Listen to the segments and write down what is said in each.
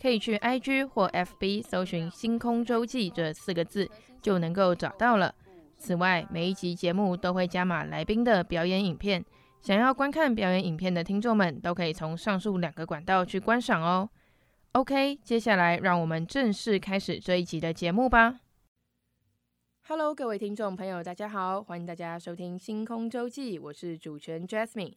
可以去 IG 或 FB 搜尋“星空周記”這四個字，就能夠找到了。此外，每一集節目都會加碼來賓的表演影片，想要觀看表演影片的聽眾們，都可以從上述兩個管道去觀賞哦。OK，接下來讓我們正式開始這一集的節目吧。Hello，各位聽眾朋友，大家好，歡迎大家收聽《星空周記》，我是主持人 Jasmine。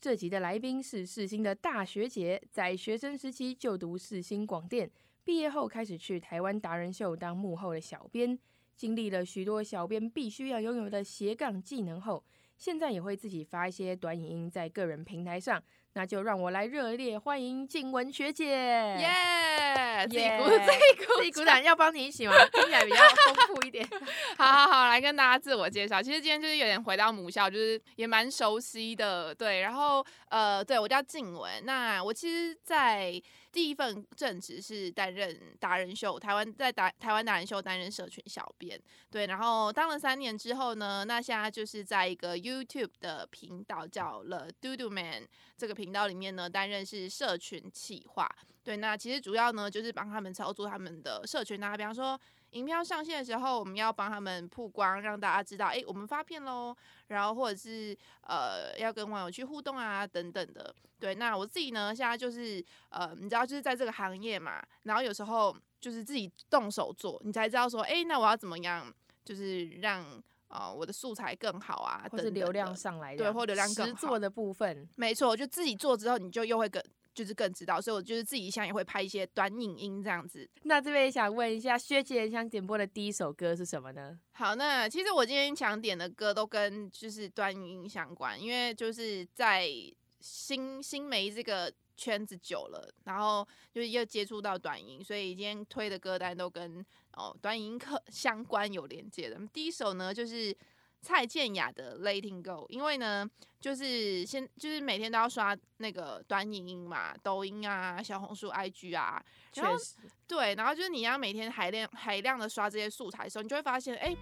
這集的來賓是世新的大學姐，在學生時期就讀世新廣電，畢業後開始去台灣達人秀當幕後的小編，經歷了許多小編必須要擁有的斜槓技能後，現在也會自己發一些短影音在個人平台上。那就讓我來熱烈歡迎靜文學姐，耶！Yeah, 自己鼓，自己鼓 Yeah,，自己鼓掌，要幫你一起嗎？聽起來比較豐富一點。 好好好，來跟大家自我介紹。其實今天就是有點回到母校，就是也蠻熟悉的，對。然後呃，對我叫靜文。那我其實，在第一份正職是擔任達人秀台灣在達台台灣達人秀擔任社群小編，對。然後當了三年之後呢，那現在就是在一個 YouTube 的頻道叫了 Do Do Men。這個頻道裡面呢，擔任是社群企劃，對，那其實主要呢就是幫他們操作他們的社群啊，比方說影片上線的時候，我們要幫他們曝光，讓大家知道，哎，我們發片嘍，然後或者是呃要跟網友去互動啊，等等的，對，那我自己呢，現在就是呃，你知道就是在這個行業嘛，然後有時候就是自己動手做，你才知道說，哎，那我要怎麼樣，就是讓。哦，我的素材更好啊，或者流量上來的，對，或流量更，實做的部分，沒錯，就自己做之後，你就又會更，就是更知道。所以，我就是自己想也會拍一些短影音這樣子。那這邊也想問一下，薛姐想點播的第一首歌是什麼呢？好，那其實我今天想點的歌都跟就是短影音相關，因為就是在新新媒這個圈子久了，然後就又接觸到短音，所以今天推的歌單都跟。哦，短影音可相關有連接的。第一首呢，就是蔡健雅的《Letting Go》，因為呢，就是先就是每天都要刷那個短影音嘛，抖音啊、小紅書、IG 啊，就是確實對，然後就是你要每天海量海量的刷這些素材的時候，你就會發現，哎、欸，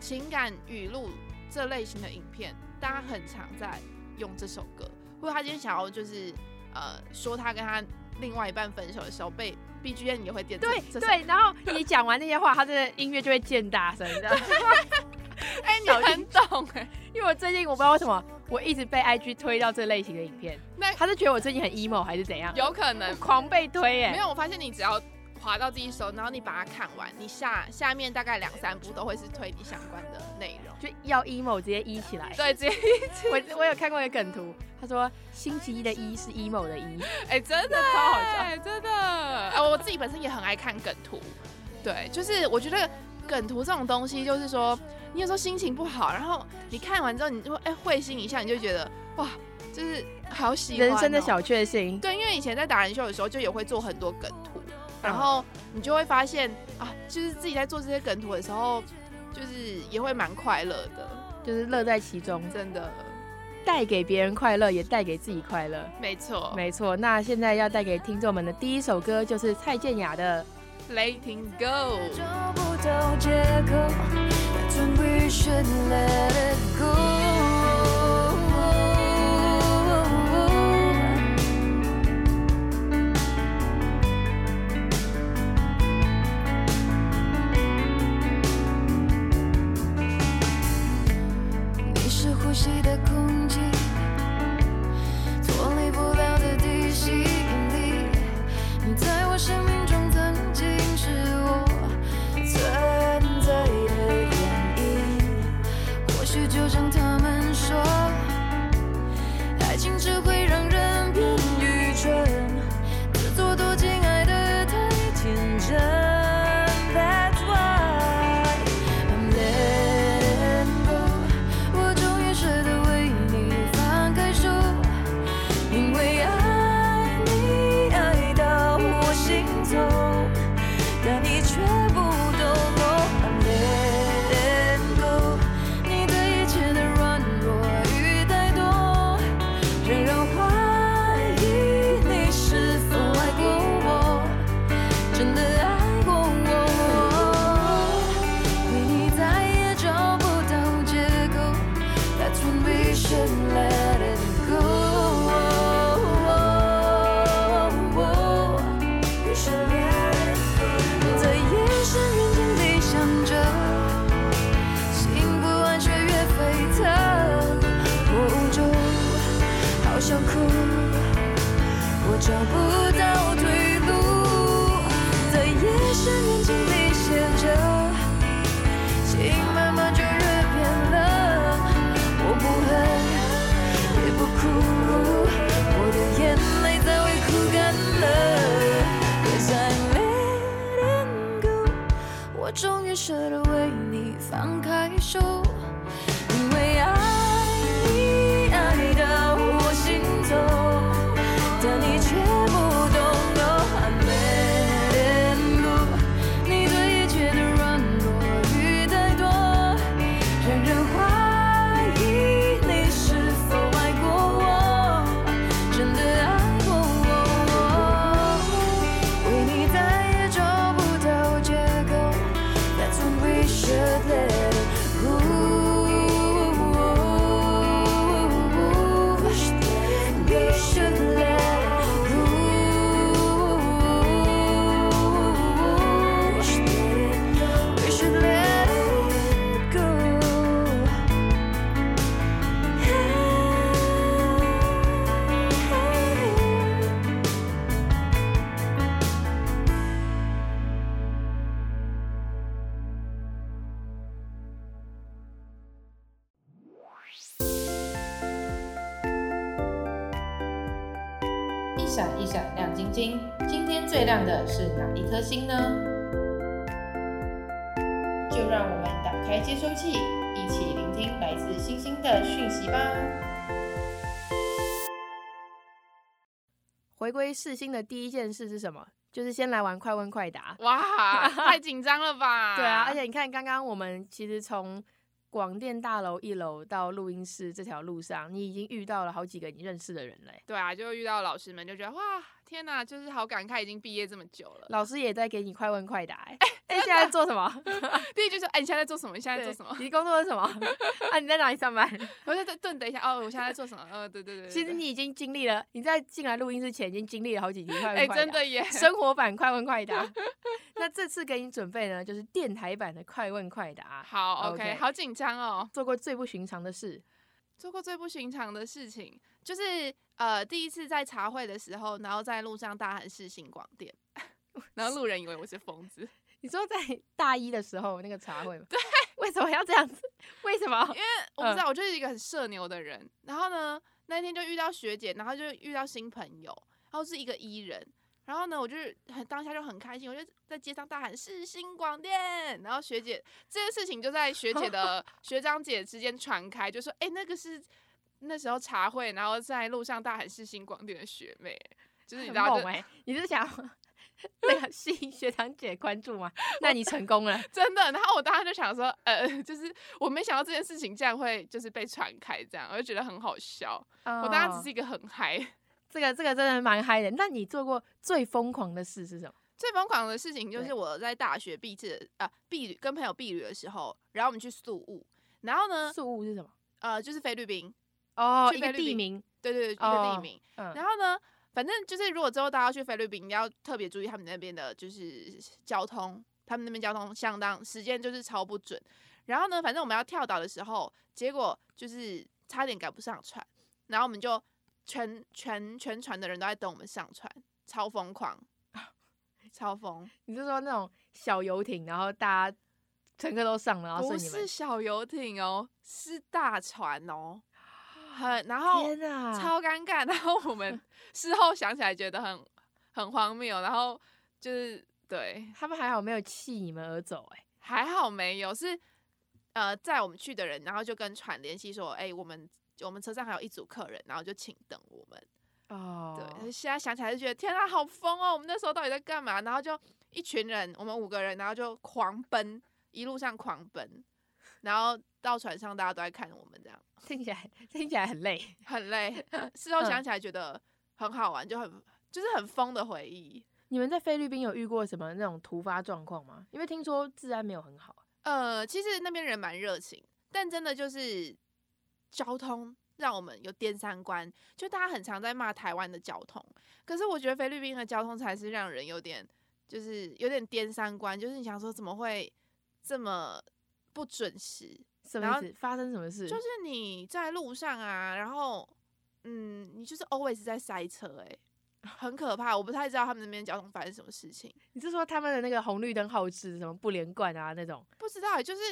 情感語錄這類型的影片，大家很常在用這首歌，或者他今天想要就是呃說他跟他。另外一半分手的時候，被 BGM 也會點大。對對，然後你講完那些話， 他的音樂就會漸大聲，你知道嗎？哎、 欸，你很不懂、欸？哎，因為我最近我不知道為什麼，我一直被 IG 推到這類型的影片。那他是覺得我最近很 emo 還是怎樣？有可能我狂被推，哎、欸。沒有，我發現你只要。劃到自己手，然後你把它看完，你下下面大概兩三部都會是推理相關的內容，就要 emo 直接 e 起來。對，直接 e 起來。我我有看過一個梗圖，他說星期一的 e 是 emo 的 e 哎、欸，真的超好笑，哎，真的。哎、欸，我自己本身也很愛看梗圖。對，就是我覺得梗圖這種東西，就是說你有時候心情不好，然後你看完之後，你就哎會心、欸、一笑，你就覺得哇，就是好喜歡、喔、人生的小確幸。對，因為以前在達人秀的時候，就也會做很多梗圖。然後你就會發現啊，就是自己在做這些梗圖的時候，就是也會蠻快樂的，就是樂在其中，真的，帶給別人快樂也帶給自己快樂，沒錯，沒錯。那現在要帶給聽眾們的第一首歌就是蔡健雅的《Letting Go》。閃一閃一閃亮晶晶，今天最亮的是哪一顆星呢？就讓我們打開接收器，一起聆聽來自星星的訊息吧。回歸世新的第一件事是什麼？就是先來玩快問快答。哇， 太緊張了吧？ 對啊，而且你看，剛剛我們其實從。廣電大樓一樓到錄音室這條路上，你已經遇到了好幾個你認識的人了。對啊，就遇到老師們，就覺得哇。天吶，就是好感慨，已經畢業這麼久了。老師也在給你快問快答。哎，哎，現在做什麼？第一句說，哎，你現在做什麼？你現在做什麼？你工作是什麼？啊，你在哪裡上班？我在在等，等一下哦。我現在做什麼？哦，對對對。其實你已經經歷了，你在進來錄音之前已經經歷了好幾年快問快答。哎，真的耶。生活版快問快答。那這次給你準備呢，就是電台版的快問快答。好，OK，好緊張哦。做過最不尋常的事？做過最不尋常的事情，就是。呃，第一次在茶會的時候，然後在路上大喊“世新廣電”，然後路人以為我是瘋子。 你說在大一的時候那個茶會對，為什麼要這樣子？為什麼？因為我不知道，嗯、我就是一個很社牛的人。然後呢，那天就遇到學姐，然後就遇到新朋友，然後是一個 E 人。然後呢，我就是很當下就很開心，我就在街上大喊“世新廣電”。然後學姐這些、個、事情就在學姐的學長姐之間傳開， 就說：“哎、欸，那個是。”那時候茶會，然後在路上大喊“世新廣電”的學妹，就是你知道時、欸，你是想那 個吸引學長姐關注嗎？那你成功了，真的。然後我當時就想說，呃，就是我沒想到這件事情竟然會就是被傳開，這樣我就覺得很好笑。哦、我當時只是一個很嗨，這個這個真的蠻嗨的。那你做過最瘋狂的事是什麼？最瘋狂的事情就是我在大學畢業呃畢跟朋友畢旅的時候，然後我們去宿務，然後呢，宿務是什麼？呃，就是菲律賓。哦，一個地名，對對對，一個地名。Oh, 然後呢，嗯、反正就是如果之後大家去菲律賓，你要特別注意他們那邊的，就是交通，他們那邊交通相當時間就是超不準。然後呢，反正我們要跳島的時候，結果就是差點趕不上船，然後我們就全全，全全船的人都在等我們上船，超瘋狂，超瘋！ 你是說那種小遊艇，然後大家乘客都上了，不是小遊艇哦，是大船哦。很，然後天、啊、超尷尬，然後我們事後想起來覺得很很荒謬，然後就是對，他們還好沒有棄你們而走。欸，哎，還好沒有，是呃，載我們去的人，然後就跟船聯繫說，哎、欸，我們我們車上還有一組客人，然後就請等我們哦，對，現在想起來就覺得天啊，好瘋哦，我們那時候到底在幹嘛？然後就一群人，我們五個人，然後就狂奔，一路上狂奔，然後到船上大家都在看我們這樣。聽起來聽起來很累，很累。事後想起來覺得很好玩，嗯，就很就是很瘋的回憶。你們在菲律賓有遇過什麼那種突發狀況嗎？因為聽說治安沒有很好。呃，其實那邊人蠻熱情，但真的就是交通讓我們有顛三觀。就大家很常在罵台灣的交通，可是我覺得菲律賓的交通才是讓人有點就是有點顛三觀。就是你想說怎麼會這麼不準時？麼然後發生什麼事？就是你在路上啊，然後，嗯，你就是 always 在塞車，欸，哎，很可怕。我不太知道他們那邊交通發生什麼事情。你是說他們的那個紅綠燈後置什麼不連貫啊？那種不知道，欸，就是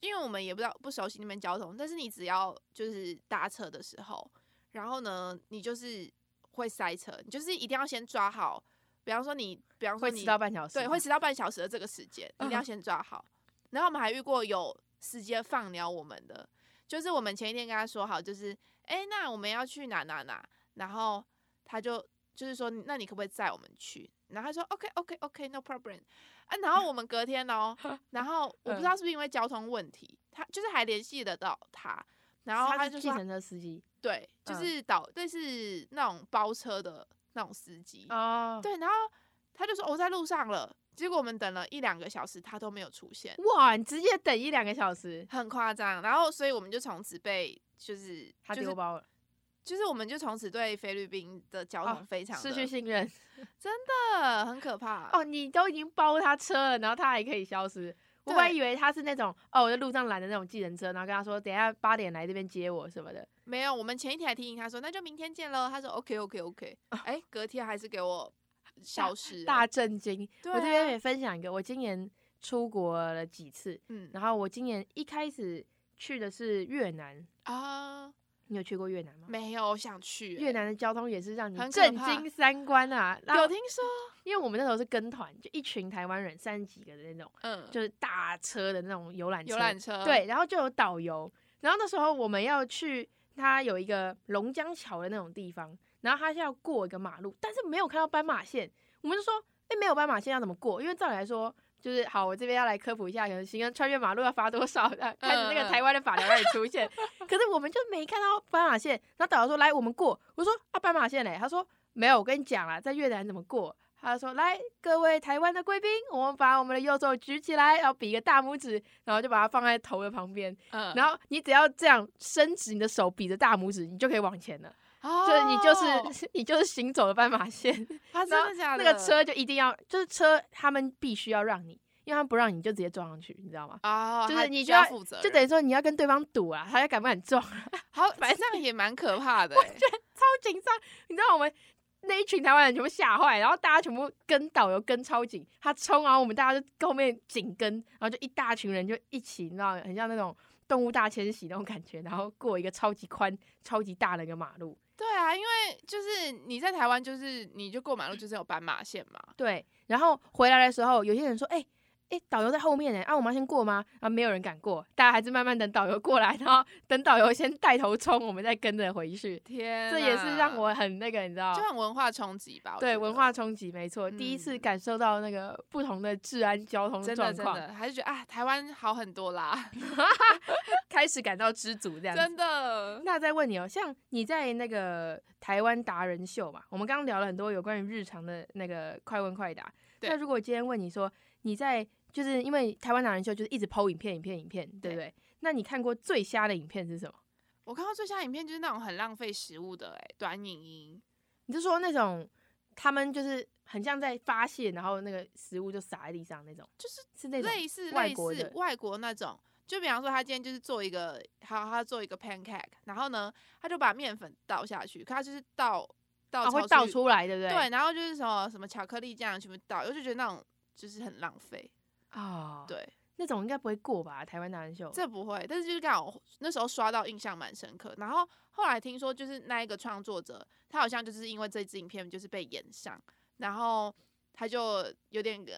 因為我們也不知道不熟悉那邊交通。但是你只要就是搭車的時候，然後呢，你就是會塞車，你就是一定要先抓好。比方說你，比方說你會遲到半小時，對，會遲到半小時的這個時間，uh. 一定要先抓好。然後我們還遇過有司機放鳥，我們的，就是我們前一天跟他說好，就是哎、欸，那我們要去哪哪哪，然後他就就是說，那你可不可以載我們去？然後他說，OK OK OK No problem。啊，然後我們隔天哦， 然後我不知道是不是因為交通問題，他就是還聯繫得到他，然後他就是計程車司機，對，就是導，嗯、對，是那種包車的那種司機哦，oh. 對，然後他就說，哦，在路上了。結果我們等了一兩個小時，他都沒有出現。哇，你直接等一兩個小時，很誇張。然後，所以我們就從此被就是他丟包了，就是我們就從此對菲律賓的交通非常、哦、失去信任， 真的很可怕。哦，你都已經包他車了，然後他還可以消失。對我本來以為他是那種哦，我在路上攔的那種計程車，然後跟他說等下八點來這邊接我什麼的。沒有，我們前一天還提醒他說，那就明天見嘍。他說 OK OK OK。哎、哦欸，隔天還是給我消失，大震驚！對啊、我這邊也分享一個，我今年出國了幾次，嗯、然後我今年一開始去的是越南啊，你有去過越南嗎？沒有，我想去、欸、越南的交通也是讓你震驚三觀啊！然後，有聽說？因為我們那時候是跟團，就一群台灣人三十幾個的那種，嗯，就是大車的那種遊覽車、遊覽車，對，然後就有導遊，然後那時候我們要去，它有一個龍江橋的那種地方。然後他現在要過一個馬路，但是沒有看到斑馬線，我們就說：“哎、欸，沒有斑馬線要怎麼過？”因為照理來說，就是好，我這邊要來科普一下，可能行人穿越馬路要罰多少的。開始那個台灣的法條會出現。uh, uh. 可是我們就沒看到斑馬線。 然後導遊說：“來，我們過。”我說：“啊，斑馬線嘞？”他說：“沒有，我跟你講了，在越南怎麼過。”他說：“來，各位台灣的貴賓，我們把我們的右手舉起來，然後比一個大拇指，然後就把它放在頭的旁邊。Uh. 然後你只要這樣伸直你的手，比着大拇指，你就可以往前了。” Oh, 就是你就是、欸、你就是行走的斑馬線，真的假的？ 那個車就一定要就是車，他們必須要讓你，因為他們不讓你就直接撞上去，你知道嗎？Oh, 就是你就要負責，就等於說你要跟對方賭啊，他要敢不敢撞，啊？好，反正也蠻可怕的、欸， 我覺得超緊張，你知道我們那一群台灣人全部嚇壞，然後大家全部跟導遊跟超緊，他衝，然後我們大家就後面緊跟，然後就一大群人就一起，你知道，很像那種動物大遷徙那種感覺，然後過一個超級寬、超級大的一個馬路。對啊，因為就是你在台灣，就是你就過馬路就是有斑馬線嘛。對，然後回來的時候，有些人說，誒、欸。哎、欸，導遊在後面呢。啊，我們要先過嗎？啊，沒有人敢過，大家還是慢慢等導遊過來，然後等導遊先帶頭衝，我們再跟着回去。天、啊，這也是讓我很那個，你知道，就很文化衝擊吧？對，文化衝擊沒錯，嗯、第一次感受到那個不同的治安、交通狀況，真的，真的還是覺得啊，台灣好很多啦， 開始感到知足這樣子。真的，那再問你哦、喔，像你在那個台灣達人秀嘛，我們剛剛聊了很多有關於日常的那個快問快答。對那如果今天問你說你在就是因為台灣達人秀就是一直拋影片、影片、影片，對不對？對，那你看過最瞎的影片是什麼？我看過最瞎的影片就是那種很浪費食物的、欸、短影音。你就說那種他們就是很像在發泄，然後那個食物就撒在地上那種？就是是那種外國類似類似外國那種，就比方說他今天就是做一個，好，他做一個 pancake，然後呢，他就把麵粉倒下去，可他就是倒倒、啊、會倒出來，對不對？對，然後就是什麼什麼巧克力醬全部倒，我就覺得那種就是很浪費。啊，oh, 對，那種應該不會過吧？台灣達人秀這不會，但是就是剛好那時候刷到，印象蠻深刻。然後後來聽說，就是那一個創作者，他好像就是因為這支影片就是被炎上，然後他就有點個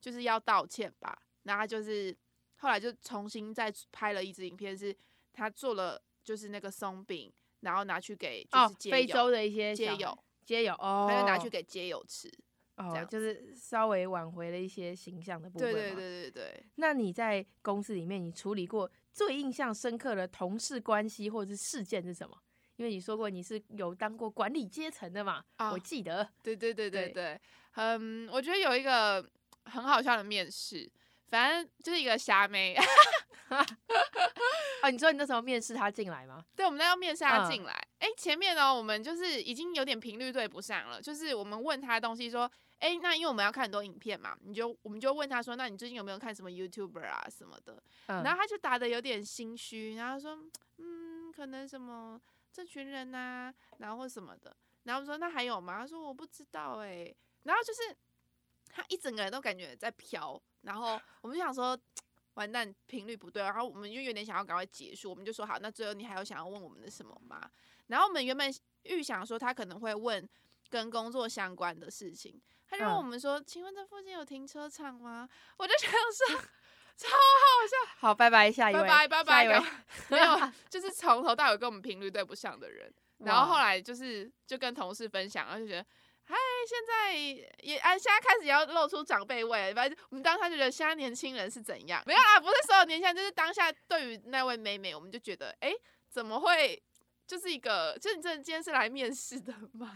就是要道歉吧。然後他就是後來就重新再拍了一支影片，就是他做了就是那個鬆餅，然後拿去給就是街友，哦，oh, 非洲的一些街友街友哦，他就拿去給街友吃。哦，樣就是稍微挽回了一些形象的部分嘛。對對對對對。那你在公司裡面，你處理過最印象深刻的同事關係或者是事件是什麼？因為你說過你是有當過管理階層的嘛，哦、我記得。對對對對對。對嗯，我覺得有一個很好笑的面試，反正就是一個瞎妹。 啊、 哦！你知道你那時候面試他進來嗎？對，我們那時候面試他進來。誒、嗯欸，前面呢、喔，我們就是已經有點頻率對不上了。就是我們問他的東西，說：“誒、欸，那因為我們要看很多影片嘛，你就我們就問他說：那你最近有沒有看什麼 YouTuber 啊什麼的？嗯、然後他就答的有點心虛，然後說：嗯，可能什麼這群人吶、啊，然後什麼的。然後我們說那還有嗎？他說我不知道誒、欸，然後就是他一整個人都感覺在飄，然後我們就想說。 完蛋頻率不對，然後我們就有點想要趕快結束，我們就說好，那最後你還有想要問我們的什麼嗎？然後我們原本預想說他可能會問跟工作相關的事情，他就問我們說：“嗯、請問這附近有停車場嗎？”我就想說， 超好笑。好，拜拜，下一位，拜拜拜拜，下一位 沒有，就是從頭到尾跟我們頻率對不上的人。哇然後後來就是就跟同事分享，然後就覺得。嗨，Hi, 現在也啊，現在開始也要露出長輩味。反正我們當下覺得現在年輕人是怎樣？沒有啊，不是所有年輕人，就是當下對於那位妹妹，我們就覺得，哎、欸，怎麼會？就是一個，就你今天是來面試的嗎？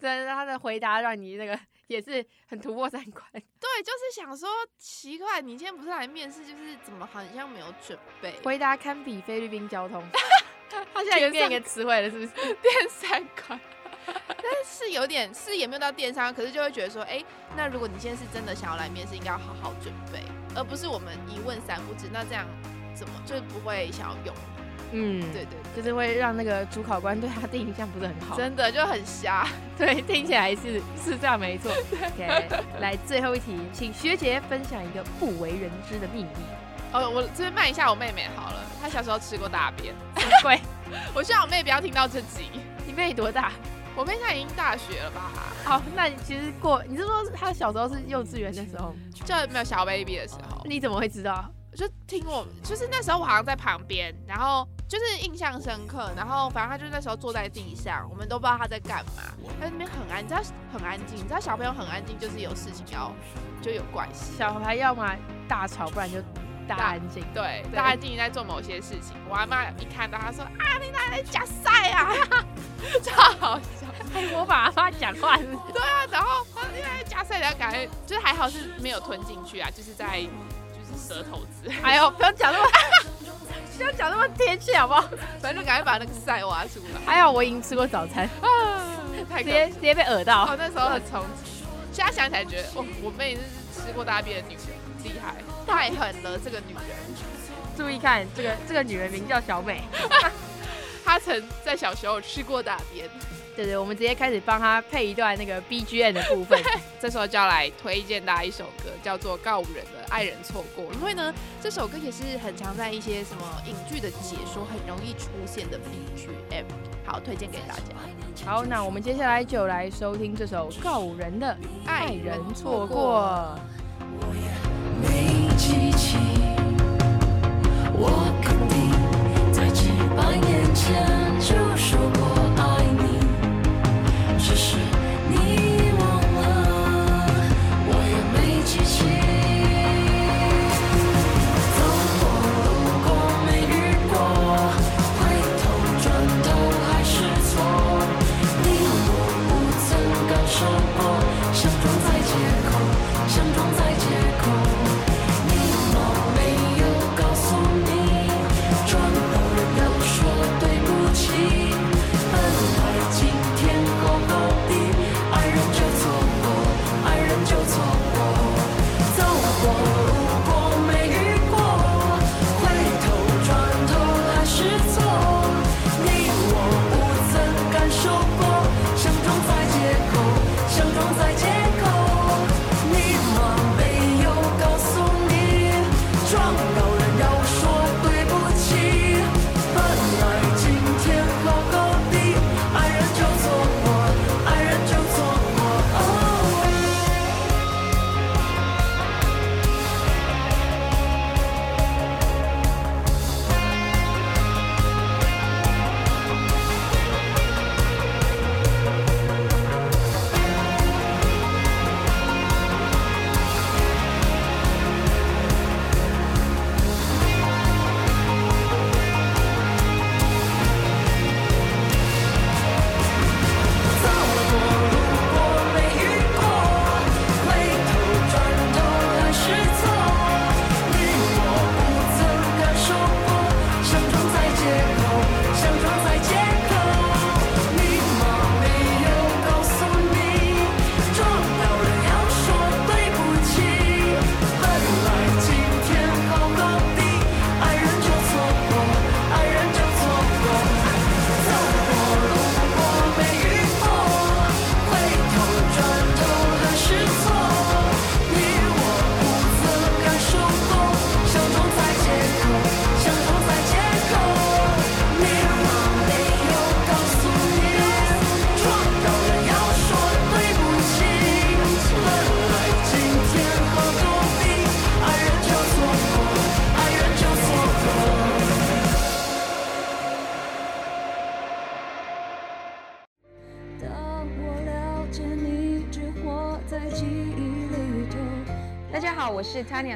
真的他的回答讓你那個也是很突破三觀。對，就是想說奇怪，你今天不是來面試，就是怎麼好像沒有準備？回答堪比菲律賓交通。 他現在又變一個詞彙了，是不是？變三觀。是有點是也沒有到電商，可是就會覺得說，哎、欸，那如果你現在是真的想要來面試，應該要好好準備，而不是我們一問三不知。那這樣怎麼就是不會想要用？嗯，對，對對，就是會讓那個主考官對他的印象不是很好。嗯、真的就很瞎，對，聽起來是是這樣沒，沒錯對。OK，來最後一題，請學姐分享一個不為人知的秘密。哦，我這邊問一下我妹妹好了，她小時候吃過大便。鬼、嗯！ 我希望我妹不要聽到這集。你妹多大？我妹現在已經大學了吧？好，那你其實過，你是說他小時候是幼稚園的時候，就沒有小 baby 的時候？你怎麼會知道？就聽我，就是那時候我好像在旁邊，然後就是印象深刻。然後反正他就是那時候坐在地上，我們都不知道他在幹嘛。他在那邊很安靜，他很安靜，你知道小朋友很安靜就是有事情要就有關係。小孩要麼大吵，不然就。大安靜、啊，對，大安靜在做某些事情，對我阿媽一看到她，他說啊，你奶奶加塞啊，超好笑，欸、我把阿媽講亂，對啊，然後因為加塞，然後感覺就是還好是沒有吞進去啊，就是在就是舌頭子，哎呦，不要講那麼，不、啊、要講那麼貼切好不好？反正就趕快把那個塞挖出來，還好、哎、我已經吃過早餐啊直，直接直接被噁到、啊，那時候很衝擊，現在想起來覺得，哦，我妹是吃過大便的女，人，厲害。太狠了，這個女人！注意看，這個對這個女人名叫小美，她、啊、曾在小時候吃過大便。對對，我們直接開始幫她配一段那個 B G M 的部分。這時候就要來推薦大家一首歌，叫做《告五人的愛人錯過》。因為呢，這首歌也是很常在一些什麼影劇的解說很容易出現的 B G M，好，推薦給大家。好，那我們接下來就來收聽這首《告五人的愛人錯過》。機器，我肯定在幾百年前就說過。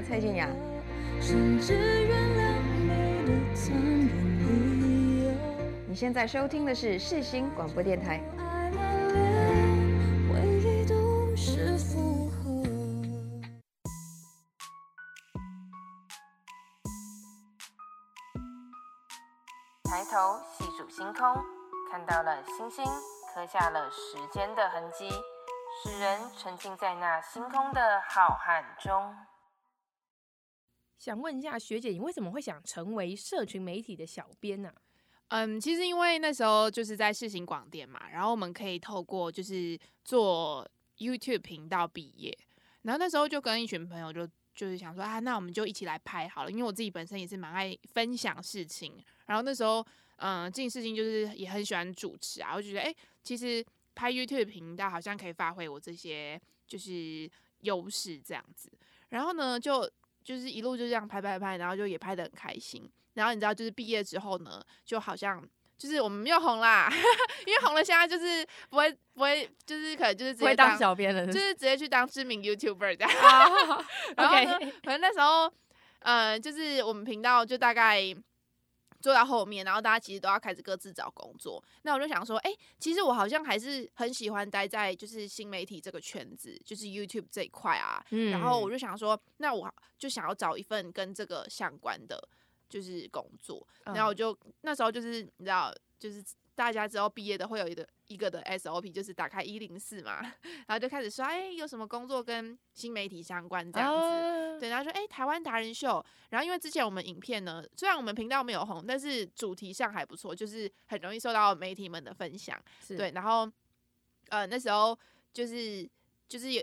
蔡健雅。甚至原諒你。你現在收聽的是世新廣播電臺。抬頭細數星空，看到了星星，刻下了時間的痕跡，使人沉浸在那星空的浩瀚中。想問一下學姐，你為什麼會想成為社群媒體的小編呢、啊？嗯，其實因為那時候就是在世新廣電嘛，然後我們可以透過就是做 YouTube 頻道畢業，然後那時候就跟一群朋友就就是想說啊，那我們就一起來拍好了，因為我自己本身也是蠻愛分享事情，然後那時候嗯，這件事情就是也很喜歡主持啊，我覺得哎、欸，其實拍 YouTube 頻道好像可以發揮我這些就是優勢這樣子，然後呢就。就是一路就這樣拍拍拍，然後就也拍得很開心。然後你知道，就是畢業之後呢，就好像就是我們又紅啦， 因為紅了，現在就是不會不會，就是可能就是直接當，當小編了是不是，就是直接去當知名 YouTuber 這樣。Oh, okay. 然後呢 Okay. 反正那時候，嗯、呃，就是我們頻道就大概。做到後面，然後大家其實都要開始各自找工作。那我就想說，哎、欸，其實我好像還是很喜歡待在就是新媒體這個圈子，就是 YouTube 這一塊啊。嗯、然後我就想說，那我就想要找一份跟這個相關的就是工作。然後我就、嗯、那時候就是你知道，就是。大家之後畢業的會有一個一個的 SOP，就是打開一零四嘛，然後就開始說，哎、欸，有什麼工作跟新媒體相關這樣子，啊、對，他說，哎、欸，台灣達人秀，然後因為之前我們影片呢，雖然我們頻道沒有紅，但是主題上還不錯，就是很容易受到媒體們的分享，是對，然後，呃，那時候就是就是有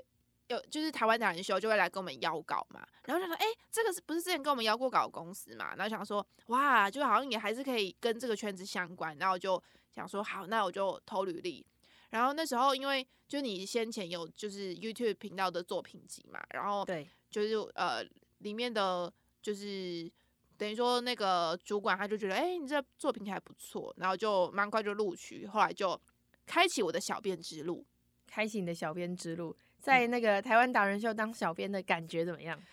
有就是台灣達人秀就會來跟我們邀稿嘛，然後他說，哎、欸，這個是不是之前跟我們邀過稿的公司嘛，然後想說，哇，就好像也還是可以跟這個圈子相關，然後就。想說好，那我就投履歷。然後那時候，因為就你先前有就是 YouTube 頻道的作品集嘛，然後、就是、對，就是呃，裡面的就是等於說那個主管他就覺得，哎、欸，你這作品還不錯，然後就蠻快就錄取。後來就開啟我的小編之路，開啟你的小編之路。在那個台灣達人秀當小編的感覺怎麼樣？嗯、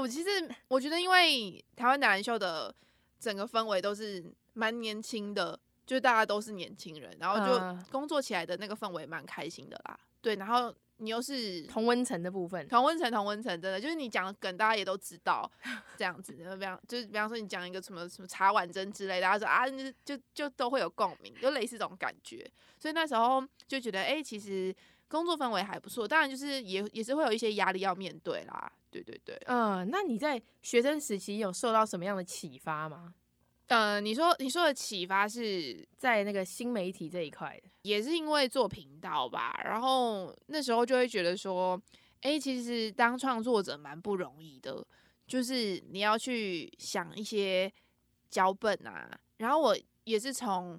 哦，其實我覺得，因為台灣達人秀的整個氛圍都是蠻年輕的。就大家都是年輕人，然後就工作起來的那個氛圍蠻開心的啦。Uh, 對，然後你又是同溫層的部分，同溫層，同溫層，真的就是你講的梗，大家也都知道， 這樣子。就比方，就是比方說，你講一個什麼什麼茶碗蒸之類的，大家說啊，就就，就都會有共鳴，就類似這種感覺。所以那時候就覺得，哎、欸，其實工作氛圍還不錯。當然，就是也也是會有一些壓力要面對啦。對對對，嗯。Uh, 那你在學生時期有受到什麼樣的啟發嗎？呃，你說你說的啟發是在那個新媒體這一塊，也是因為做頻道吧。然後那時候就會覺得說，誒，其實當創作者蠻不容易的，就是你要去想一些腳本啊。然後我也是從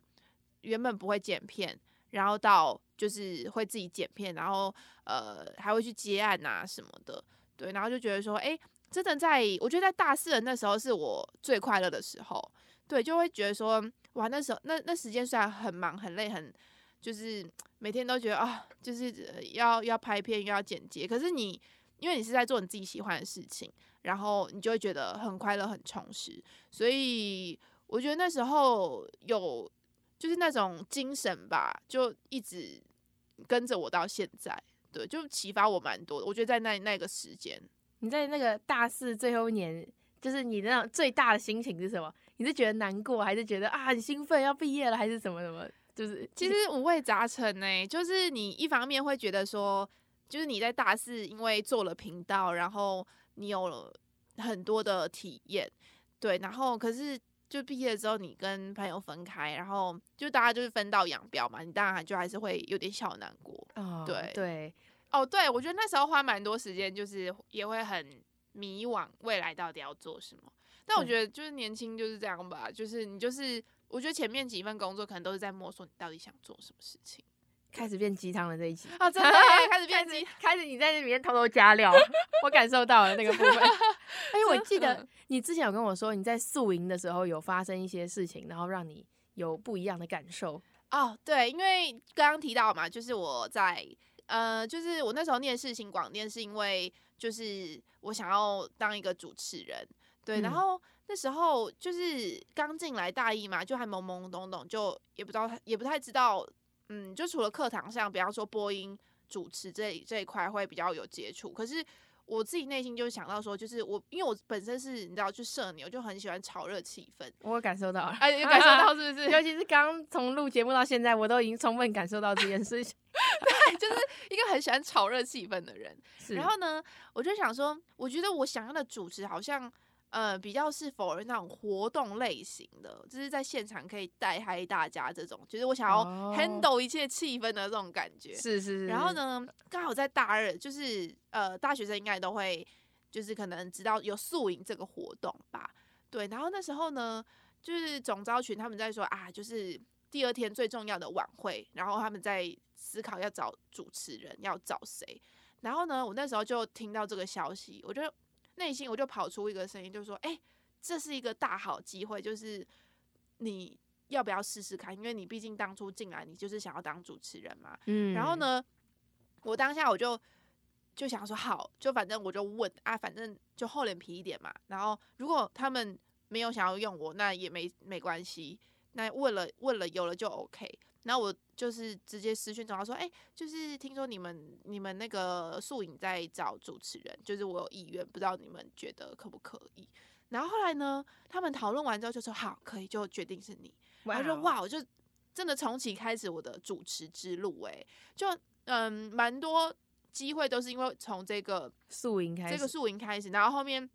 原本不會剪片，然後到就是會自己剪片，然後呃還會去接案啊什麼的，對。然後就覺得說，誒，真的在我覺得在大四的那時候是我最快樂的時候。對，就會覺得說，哇，那時候那那時間雖然很忙很累，很就是每天都覺得啊、哦、就是、呃、要要拍片要剪輯，可是你因為你是在做你自己喜歡的事情，然後你就會覺得很快樂很充實。所以我覺得那時候有就是那種精神吧，就一直跟着我到現在。對，就啟發我蠻多的。我覺得在那那個時間，你在那個大四最後一年，就是你那種最大的心情是什麼？你是覺得難過，還是覺得啊很興奮要畢業了，還是什麼什麼？就是其實五味雜陳呢、欸，就是你一方面會覺得說，就是你在大四因為做了頻道，然後你有了很多的體驗，對，然後可是就畢業之後你跟朋友分開，然後就大家就是分道揚鑣嘛，你當然就還是會有點小難過，對、哦、對，哦對，我覺得那時候花蠻多時間，就是也會很迷惘，未來到底要做什麼。但我覺得，就是年輕就是這樣吧，嗯、就是你就是，我覺得前面幾份工作可能都是在摸索你到底想做什麼事情，開始變雞湯了這一期啊、哦，真的 okay, 開始變雞，開始, 開始你在這裡面偷偷加料， 我感受到了那個部分。哎、 欸，我記得 你之前有跟我說你在宿營的時候有發生一些事情，然後讓你有不一樣的感受哦。對，因為剛剛提到嘛，就是我在呃，就是我那時候念視聽廣電，是因為就是我想要當一個主持人。對，然後那時候就是剛進來大一嘛，就還懵懵懂懂，就也不知道，也不太知道，嗯，就除了課堂上，比方說播音主持這一這一塊會比較有接觸。可是我自己內心就想到說，就是我，因為我本身是你知道，去社牛，就很喜歡炒熱氣氛。我感受到了，哎、啊，感受到是不是？尤其是剛從錄節目到現在，我都已經充分感受到這件事情， 對，就是一個很喜歡炒熱氣氛的人。是然後呢，我就想說，我覺得我想要的主持好像。呃，比較是否認那種活動類型的，就是在現場可以帶嗨大家這種，就是我想要 handle 一切氣氛的這種感覺。Oh. 是是是。然後呢，剛好在大二，就是呃，大學生應該都會，就是可能知道有宿營這個活動吧。對。然後那時候呢，就是總召群他們在說啊，就是第二天最重要的晚會，然後他們在思考要找主持人要找誰。然後呢，我那時候就聽到這個消息，我覺得。內心我就跑出一個聲音，就說，哎，這是一個大好機會，就是你要不要試試看？因為你畢竟當初進來，你就是想要當主持人嘛。嗯。然後呢，我當下我就就想說，好，就反正我就問啊，反正就厚臉皮一點嘛。然後如果他們沒有想要用我，那也沒沒關係。那問了問了，有了就 OK。然後我就是直接私信找他說，哎、欸，就是聽說你們你們那個素影在找主持人，就是我有意願，不知道你們覺得可不可以？然後後來呢，他們討論完之後就說好，可以，就決定是你。他 Wow. 說哇，我就真的重啟開始我的主持之路、欸，誒，就嗯，蠻多機會都是因為從這個素影開始，這個素影開始，然後後面，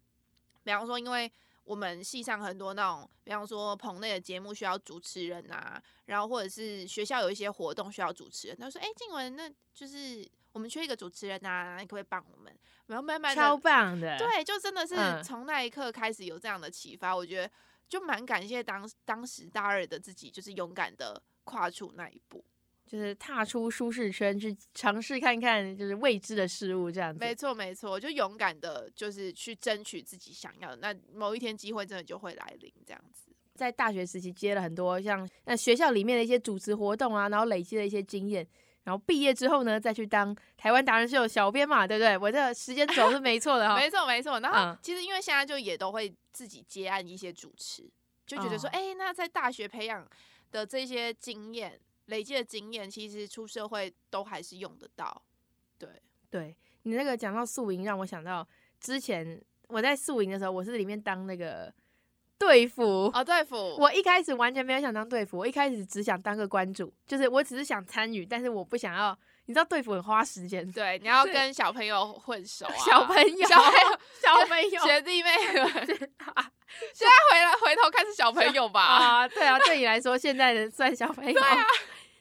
比方說因為。我們系上很多那種，比方說棚內的節目需要主持人吶、啊，然後或者是學校有一些活動需要主持人，他說：“哎，靜文，那就是我們缺一個主持人吶、啊，你可不可以幫我們？”然後慢慢的，超棒的，對，就真的是從那一刻開始有這樣的啟發，嗯、我覺得就蠻感謝當當時大二的自己，就是勇敢的跨出那一步。就是踏出舒適圈去嘗試看看，就是未知的事物這樣子。沒錯沒錯，就勇敢的，就是去爭取自己想要的。那某一天機會真的就會來臨，這樣子。在大學時期接了很多像那學校裡面的一些主持活動啊，然後累積了一些經驗。然後畢業之後呢，再去當台灣達人秀小編嘛，對不對？我這個時間軸是沒錯的哈。 沒錯沒錯，然後其實因為現在就也都會自己接案一些主持，就覺得說，哎、嗯欸，那在大學培養的這些經驗。累積的經驗其實出社會都還是用得到，對，對你那個講到宿營，讓我想到之前我在宿營的時候，我是裡面當那個隊服哦，隊服。我一開始完全沒有想當隊服，我一開始只想當個關主，就是我只是想參與，但是我不想要。你知道隊服很花時間，對，你要跟小朋友混熟、啊、小朋友，小小朋友學 弟妹們。啊、現在回來回頭看是小朋友吧？啊，對啊，對你來說 現在算小朋友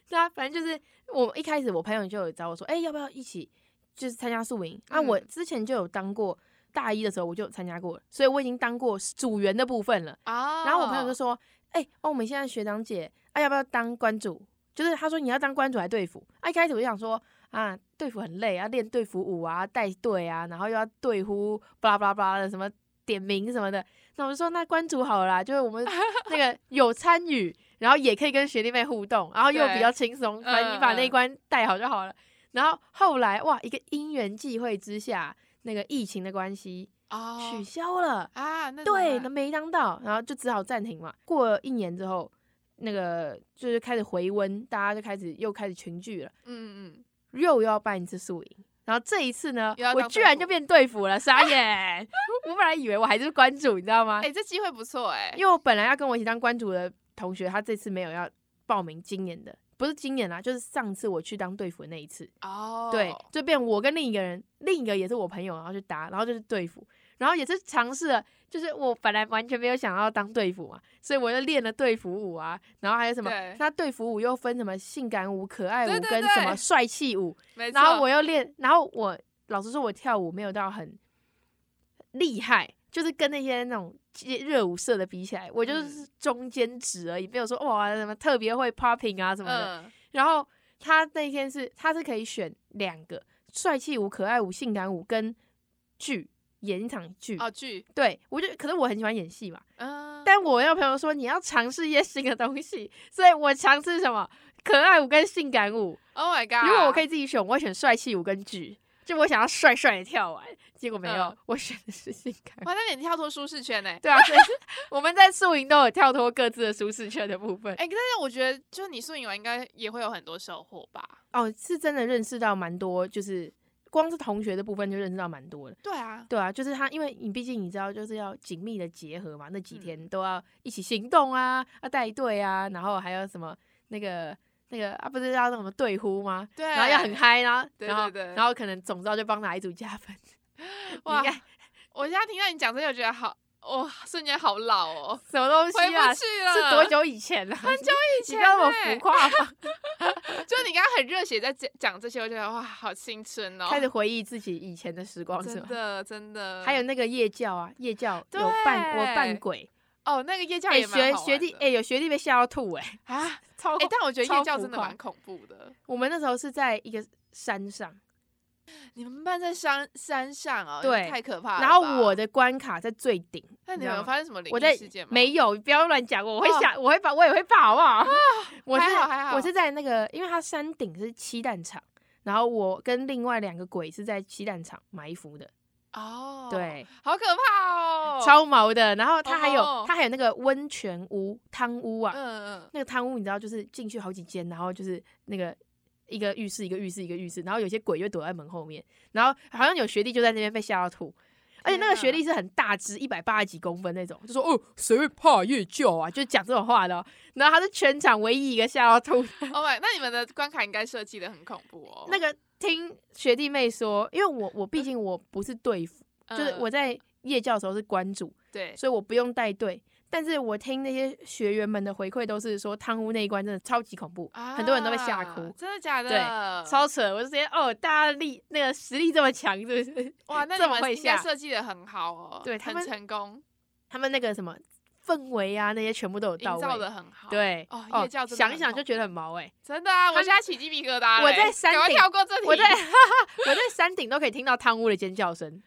是啊，反正就是我一開始我朋友就有找我說，哎、欸，要不要一起就是參加宿營？嗯、啊，我之前就有當過大一的時候我就參加過，所以我已經當過組員的部分了啊。哦、然後我朋友就說，哎、欸，哦，我們現在學長姐，哎、啊，要不要當關主？就是他說你要當關主來隊輔。啊，一開始我就想說，啊，隊輔很累，啊，練隊輔舞啊，帶隊啊，然後又要隊呼，巴拉巴拉巴拉的什麼點名什麼的。那我就說，那關主好啦，就是我們那個有參與。 然後也可以跟學弟妹互動，然後又比較輕鬆。嗯、反正你把那一關帶好就好了。嗯、然後後來哇，一個因緣際會之下，那個疫情的關係啊，哦、取消了啊，那對，沒當到，然後就只好暫停嘛。過了一年之後，那個就是開始回溫，大家就開始又開始群聚了。嗯嗯，又、嗯、又要辦一次宿營，然後這一次呢，我居然就變隊輔了，啊、傻眼！ 我本來以為我還是關主，你知道嗎？哎、欸，這機會不錯哎、欸，因為我本來要跟我一起當關主的。同學，他這次沒有要報名今年的，不是今年啦，就是上次我去當隊服的那一次哦。Oh. 對，就變我跟另一個人，另一個也是我朋友，然後去搭，然後就是隊服，然後也是嘗試了，就是我本來完全沒有想要當隊服嘛，所以我就練了隊服舞啊，然後還有什麼？那隊服舞 Yeah. 又分什麼性感舞、可愛舞跟什麼帥氣舞，對對對。然後我又練，然後我老實說我跳舞沒有到很厲害，就是跟那些那種。熱舞社的比起來，我就是中間值而已，嗯、沒有說哇什麼特別會 popping 啊什麼的。嗯、然後他那天是，他是可以選兩個帥氣舞、可愛舞、性感舞跟劇演一場劇啊劇。劇，對我就，可是我很喜歡演戲嘛，嗯、但我要朋友說你要嘗試一些新的東西，所以我嘗試什麼可愛舞跟性感舞。Oh my god！如果我可以自己選，我會選帥氣舞跟劇，就我想要帥帥的跳完。結果沒有，呃、我選的是新開。哇，那你跳脫舒適圈呢？欸？對啊，我們在宿營都有跳脫各自的舒適圈的部分。哎、欸，但是我覺得，就是你宿營完應該也會有很多收穫吧？哦，是真的認識到蠻多，就是光是同學的部分就認識到蠻多的。對啊，對啊，就是他，因為你畢竟你知道，就是要緊密的結合嘛，那幾天都要一起行動啊，要帶隊啊，然後還有什麼那個那個啊，知道那啊，不是要什麼隊呼嗎？對，然後要很嗨，啦。對，對，對，然後然後可能總召就幫哪一組加分。哇！我現在聽到你講這些，我覺得好哇，瞬間好老哦，什麼東西啊？是多久以前了？很久以前，你那麼浮誇嗎？就你剛剛很熱血在講講這些，我覺得哇，好青春哦！開始回憶自己以前的時光，真的真的。還有那個夜教啊，夜教有扮我扮鬼哦，那個夜教也學學弟哎，有學弟被嚇到吐哎啊！超恐哎，但我覺得夜教真的蠻恐怖的。我們那時候是在一個山上。你們班在山山上啊？對，太可怕了。然後我的關卡在最頂。那你們有發現什麼靈異事件嗎？我在沒有，不要亂講。我會想，我會怕，我也會怕，好不好？我還好還好。我是在那個，因為它山頂是漆彈場，然後我跟另外兩個鬼是在漆彈場埋伏的。哦，對，好可怕哦，超毛的。然後他還有他還有那個溫泉屋湯屋啊，那個湯屋你知道就是進去好幾間，然後就是那個。一個浴室，一個浴室，一個浴室，然後有些鬼就躲在門後面，然後好像有學弟就在那邊被嚇到吐，而且那個學弟是很大隻，一百八十幾公分那種，就說哦，誰會怕夜教啊，就講這種話的，然後他是全場唯一一個嚇到吐。哦，那你們的關卡應該設計得很恐怖哦。那個聽學弟妹說，因為我我畢竟我不是隊輔，就是我在夜教的時候是關主，對，所以我不用帶隊。但是我聽那些學員們的回饋都是說，湯屋那一關真的超級恐怖，很多人都被嚇哭。真的假的？超扯！我就覺得哦，大家的力那個實力這麼強，是不是？哇，那怎麼會該設計的很好哦。對，他們很成功。他們那個什麼氛圍啊，那些全部都有到位，造的很好。對哦，夜教想一想就覺得很毛哎。真的啊，我現在起雞皮疙瘩。我在山頂跳過這，我在我在山頂都可以聽到湯屋的尖叫聲。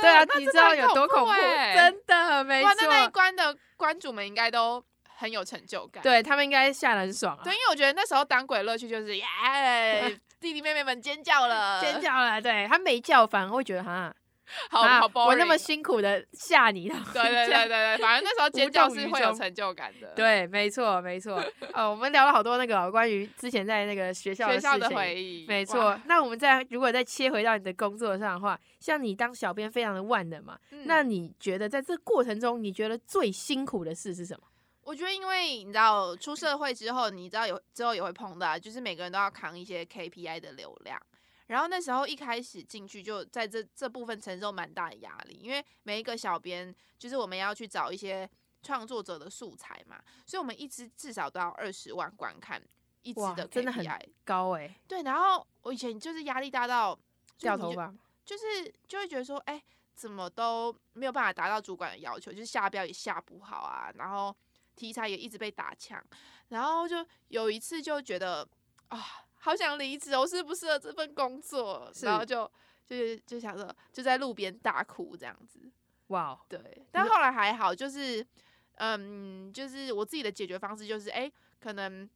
對啊，欸、你知道有多恐怖？真的很沒錯、啊。那那一關的關主們應該都很有成就感。 對，他們應該嚇得很爽啊，對。因為我覺得那時候當鬼樂趣就是，耶，弟弟 妹妹們尖叫了，尖叫了。對，他沒叫，反而會覺得哈。 好，啊、好我那麼辛苦的嚇你了。對對對對對，樣反正那時候尖叫是會有成就感的。 對，沒錯沒錯。呃、哦，我們聊了好多那個、哦、關於之前在那個學校的事情。學校的回憶，沒錯。哇那我們再如果再切回到你的工作上的話，像你當小編非常的萬能嘛，嗯、那你覺得在這過程中，你覺得最辛苦的事是什麼？我覺得，因為你知道出社會之後，你知道有之後也會碰到、啊，就是每個人都要扛一些 KPI 的流量。然後那時候一開始進去就在這這部分承受蠻大的壓力，因為每一個小編就是我們要去找一些創作者的素材嘛，所以我們一直至少都要二十萬觀看一，一直的 KPI，真的很高哎、欸。對，然後我以前就是壓力大到就就掉頭髮，就是就會覺得說，哎、欸，怎麼都沒有辦法達到主管的要求，就是下標也下不好啊，然後題材也一直被打槍，然後就有一次就覺得啊。好想離職、哦，我是不是適合這份工作？是然後就就就想說就在路邊大哭這樣子。哇 Wow，對。但後來還好，就是嗯，就是我自己的解決方式就是，哎，可能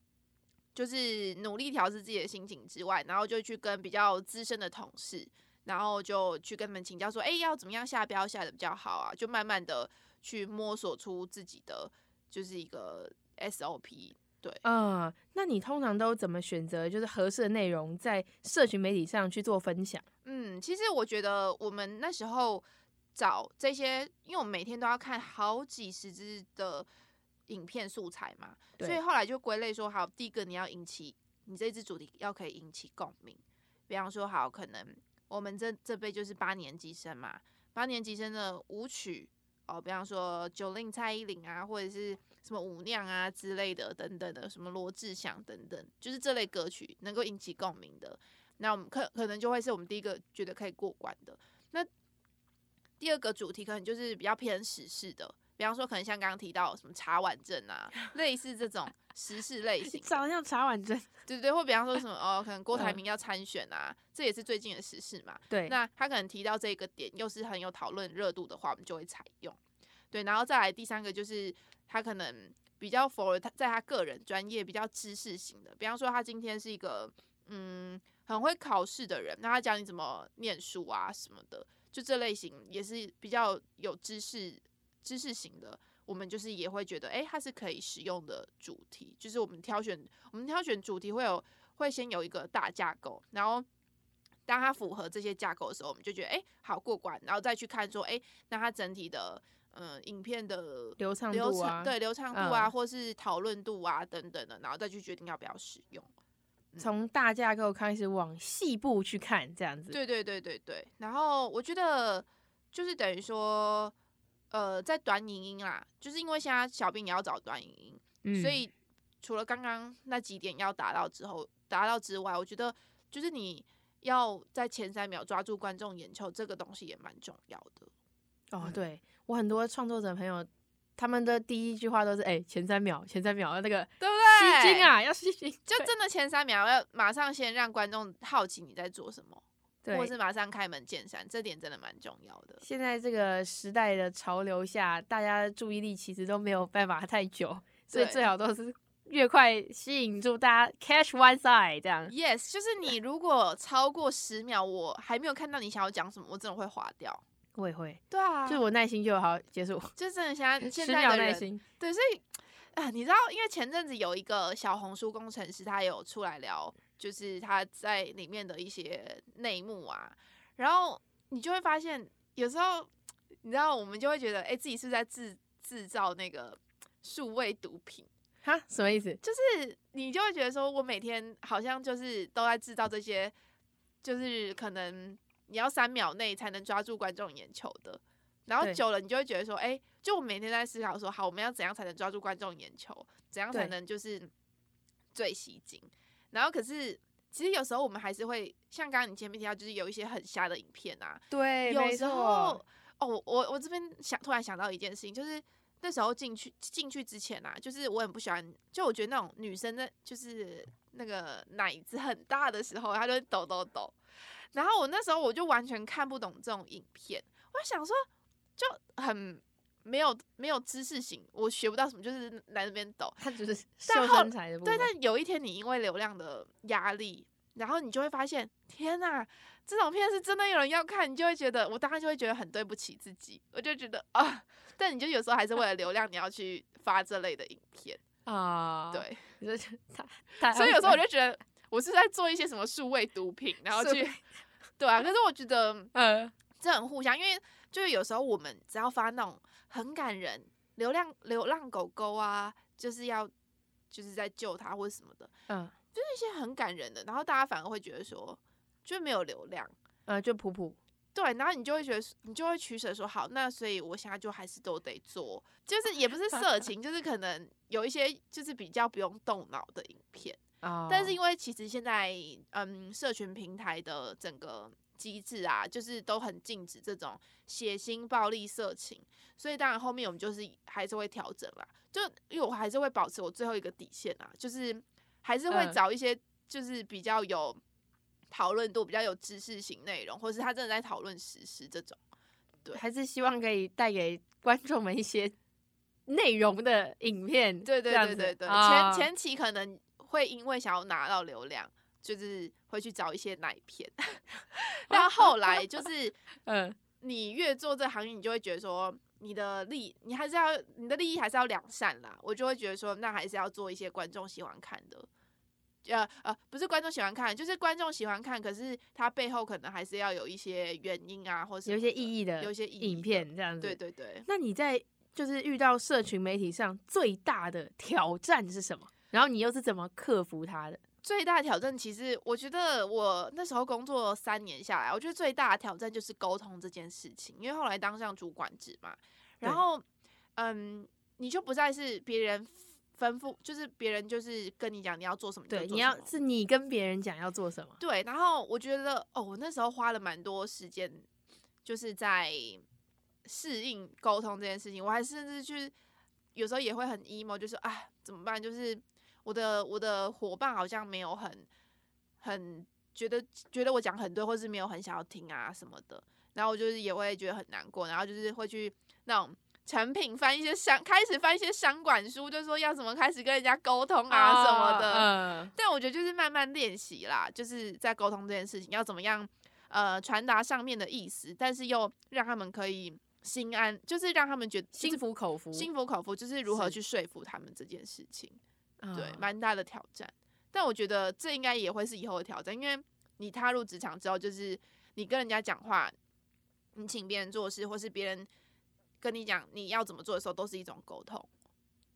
就是努力調適自己的心情之外，然後就去跟比較資深的同事，然後就去跟他們請教說，哎，要怎麼樣下標下得比較好啊？就慢慢的去摸索出自己的就是一個 SOP。對，嗯，那你通常都怎麼選擇，就是合適的內容在社群媒體上去做分享？嗯，其實我覺得我們那時候找這些，因為我們每天都要看好幾十支的影片素材嘛，對所以後來就歸類說，好，第一個你要引起你這支主題要可以引起共鳴，比方說，好，可能我們這這輩就是八年級生嘛，八年級生的舞曲哦，比方說 Jolin 蔡依林啊，或者是。什麼舞孃啊之類的，等等的，什麼羅志祥等等，就是這類歌曲能夠引起共鳴的，那我們可可能就會是我們第一個覺得可以過關的。那第二個主題可能就是比較偏時事的，比方說可能像剛剛提到什麼茶碗蒸啊，類似這種時事類型， 長得像茶碗蒸對對對，或比方說什麼哦，可能郭台銘要參選啊，嗯、這也是最近的時事嘛，對，那他可能提到這個點又是很有討論熱度的話，我們就會採用。對，然後再來第三個就是他可能比較符合他在他個人專業比較知識型的，比方說他今天是一個嗯很會考試的人，那他教你怎麼念書啊什麼的，就這類型也是比較有知識知識型的，我們就是也會覺得誒，它是可以使用的主題，就是我們挑選我們挑選主題會有會先有一個大架構，然後當他符合這些架構的時候，我們就覺得誒，好，過關，然後再去看說誒，那他整體的。呃、嗯，影片的流暢度啊，流對流暢度啊，嗯、或是討論度啊等等的，然後再去決定要不要使用。嗯、從大架構開始往細部去看，這樣子。對對對對對。然後我覺得就是等於說，呃，在短影音啊，就是因為現在小編也要找短影音，音，嗯、所以除了剛剛那幾點要達到之後，達到之外，我覺得就是你要在前三秒抓住觀眾眼球，這個東西也蠻重要的。嗯、哦，對。我很多創作者朋友，他們的第一句話都是：哎、欸，前三秒，前三秒，那個對不對？吸睛啊，要吸睛，就真的前三秒要馬上先讓觀眾好奇你在做什麼，對或是馬上開門見山，這點真的蠻重要的。現在這個時代的潮流下，大家的注意力其實都沒有辦法太久，對所以最好都是越快吸引住大家對，catch one side，這樣。Yes，就是你如果超過十秒，對我還沒有看到你想要講什麼，我真的會劃掉。我也會，對啊，就我耐心就好，結束就真的現在現在的人，對，所以啊，你知道，因為前陣子有一個小紅書工程師，他有出來聊，就是他在裡面的一些內幕啊，然後你就會發現，有時候你知道，我們就會覺得，哎、欸，自己是不是在制制造那個數位毒品，哈，什麼意思？就是你就會覺得，說我每天好像就是都在制造這些，就是可能。你要三秒內才能抓住觀眾眼球的，然後久了你就會覺得說，哎對、欸，就我每天在思考說，好，我們要怎樣才能抓住觀眾眼球，怎樣才能就是最吸睛。對然後可是其實有時候我們還是會像剛剛你前面提到，就是有一些很瞎的影片啊。對，有時候錯哦，我我，我這邊想突然想到一件事情，就是那時候進去進去之前啊，就是我很不喜歡，就我覺得那種女生的就是那個奶子很大的時候，她就抖抖抖。然後我那時候我就完全看不懂這種影片，我想說就很沒有沒有知識性，我學不到什麼，就是來那邊抖，他只是秀身材的，然後對，但有一天你因為流量的壓力，然後你就會發現，天哪，這種片是真的有人要看，你就會覺得，我當時就會覺得很對不起自己，我就覺得啊、哦，但你就有時候還是為了流量，你要去發這類的影片啊， 對， 所以有時候我就覺得。我是在做一些什麼數位毒品，然後去，是對啊，可是我覺得，嗯，這很互相，嗯、因為就是有時候我們只要發那種很感人、流量、流浪狗狗啊，就是要就是在救它或者什麼的，嗯，就是一些很感人的，然後大家反而會覺得說就沒有流量，嗯，就普普對，然後你就會覺得你就會取捨說好，那所以我現在就還是都得做，就是也不是色情， 就是可能有一些就是比較不用動腦的影片。但是因為其實現在嗯，社群平台的整個機制啊，就是都很禁止這種血腥暴力色情，所以當然後面我們就是還是會調整啦。就因為我還是會保持我最後一個底線啊，就是還是會找一些就是比較有討論度、比較有知識型內容，或是他真的在討論時事這種。對，還是希望可以帶給觀眾們一些內容的影片。對對對對對，前前期可能。會因為想要拿到流量，就是會去找一些奶片。那 後，後來就是，呃、 嗯，你越做這行業，你就會覺得說，你的利，你還是要你的利益還是要良善啦。我就會覺得說，那還是要做一些觀眾喜歡看的。呃呃，不是觀眾喜歡看，就是觀眾喜歡看，可是它背後可能還是要有一些原因啊，或是有，一些，意有一些意義的，有一些影片這樣子。對對對。那你在就是遇到社群媒體上最大的挑戰是什麼？然後你又是怎麼克服他的最大的挑戰？其實我覺得我那時候工作三年下來，我覺得最大的挑戰就是溝通這件事情。因為後來當上主管職嘛，然後對嗯，你就不再是別人吩咐，就是別人就是跟你講你要做什麼，什麼，對，你要是你跟別人講要做什麼，對。然後我覺得哦，我那時候花了蠻多時間，就是在適應溝通這件事情。我還甚至去有時候也會很 emo，就是啊，怎麼辦？就是。我的我的夥伴好像沒有很很覺得覺得我講很對，或是沒有很想要聽啊什麼的，然後我就是也會覺得很難過，然後就是會去那種產品翻一些商，開始翻一些商管書，就是，說要怎麼開始跟人家溝通啊什麼的。啊嗯、但我覺得就是慢慢練習啦，就是在溝通這件事情要怎麼樣呃傳達上面的意思，但是又讓他們可以心安，就是讓他們覺得，就是，心服口服，心服口服就是如何去說服他們這件事情。對，蠻大的挑戰，但我覺得這應該也會是以後的挑戰，因為你踏入職場之後，就是你跟人家講話，你請別人做事，或是別人跟你講你要怎麼做的時候，都是一種溝通。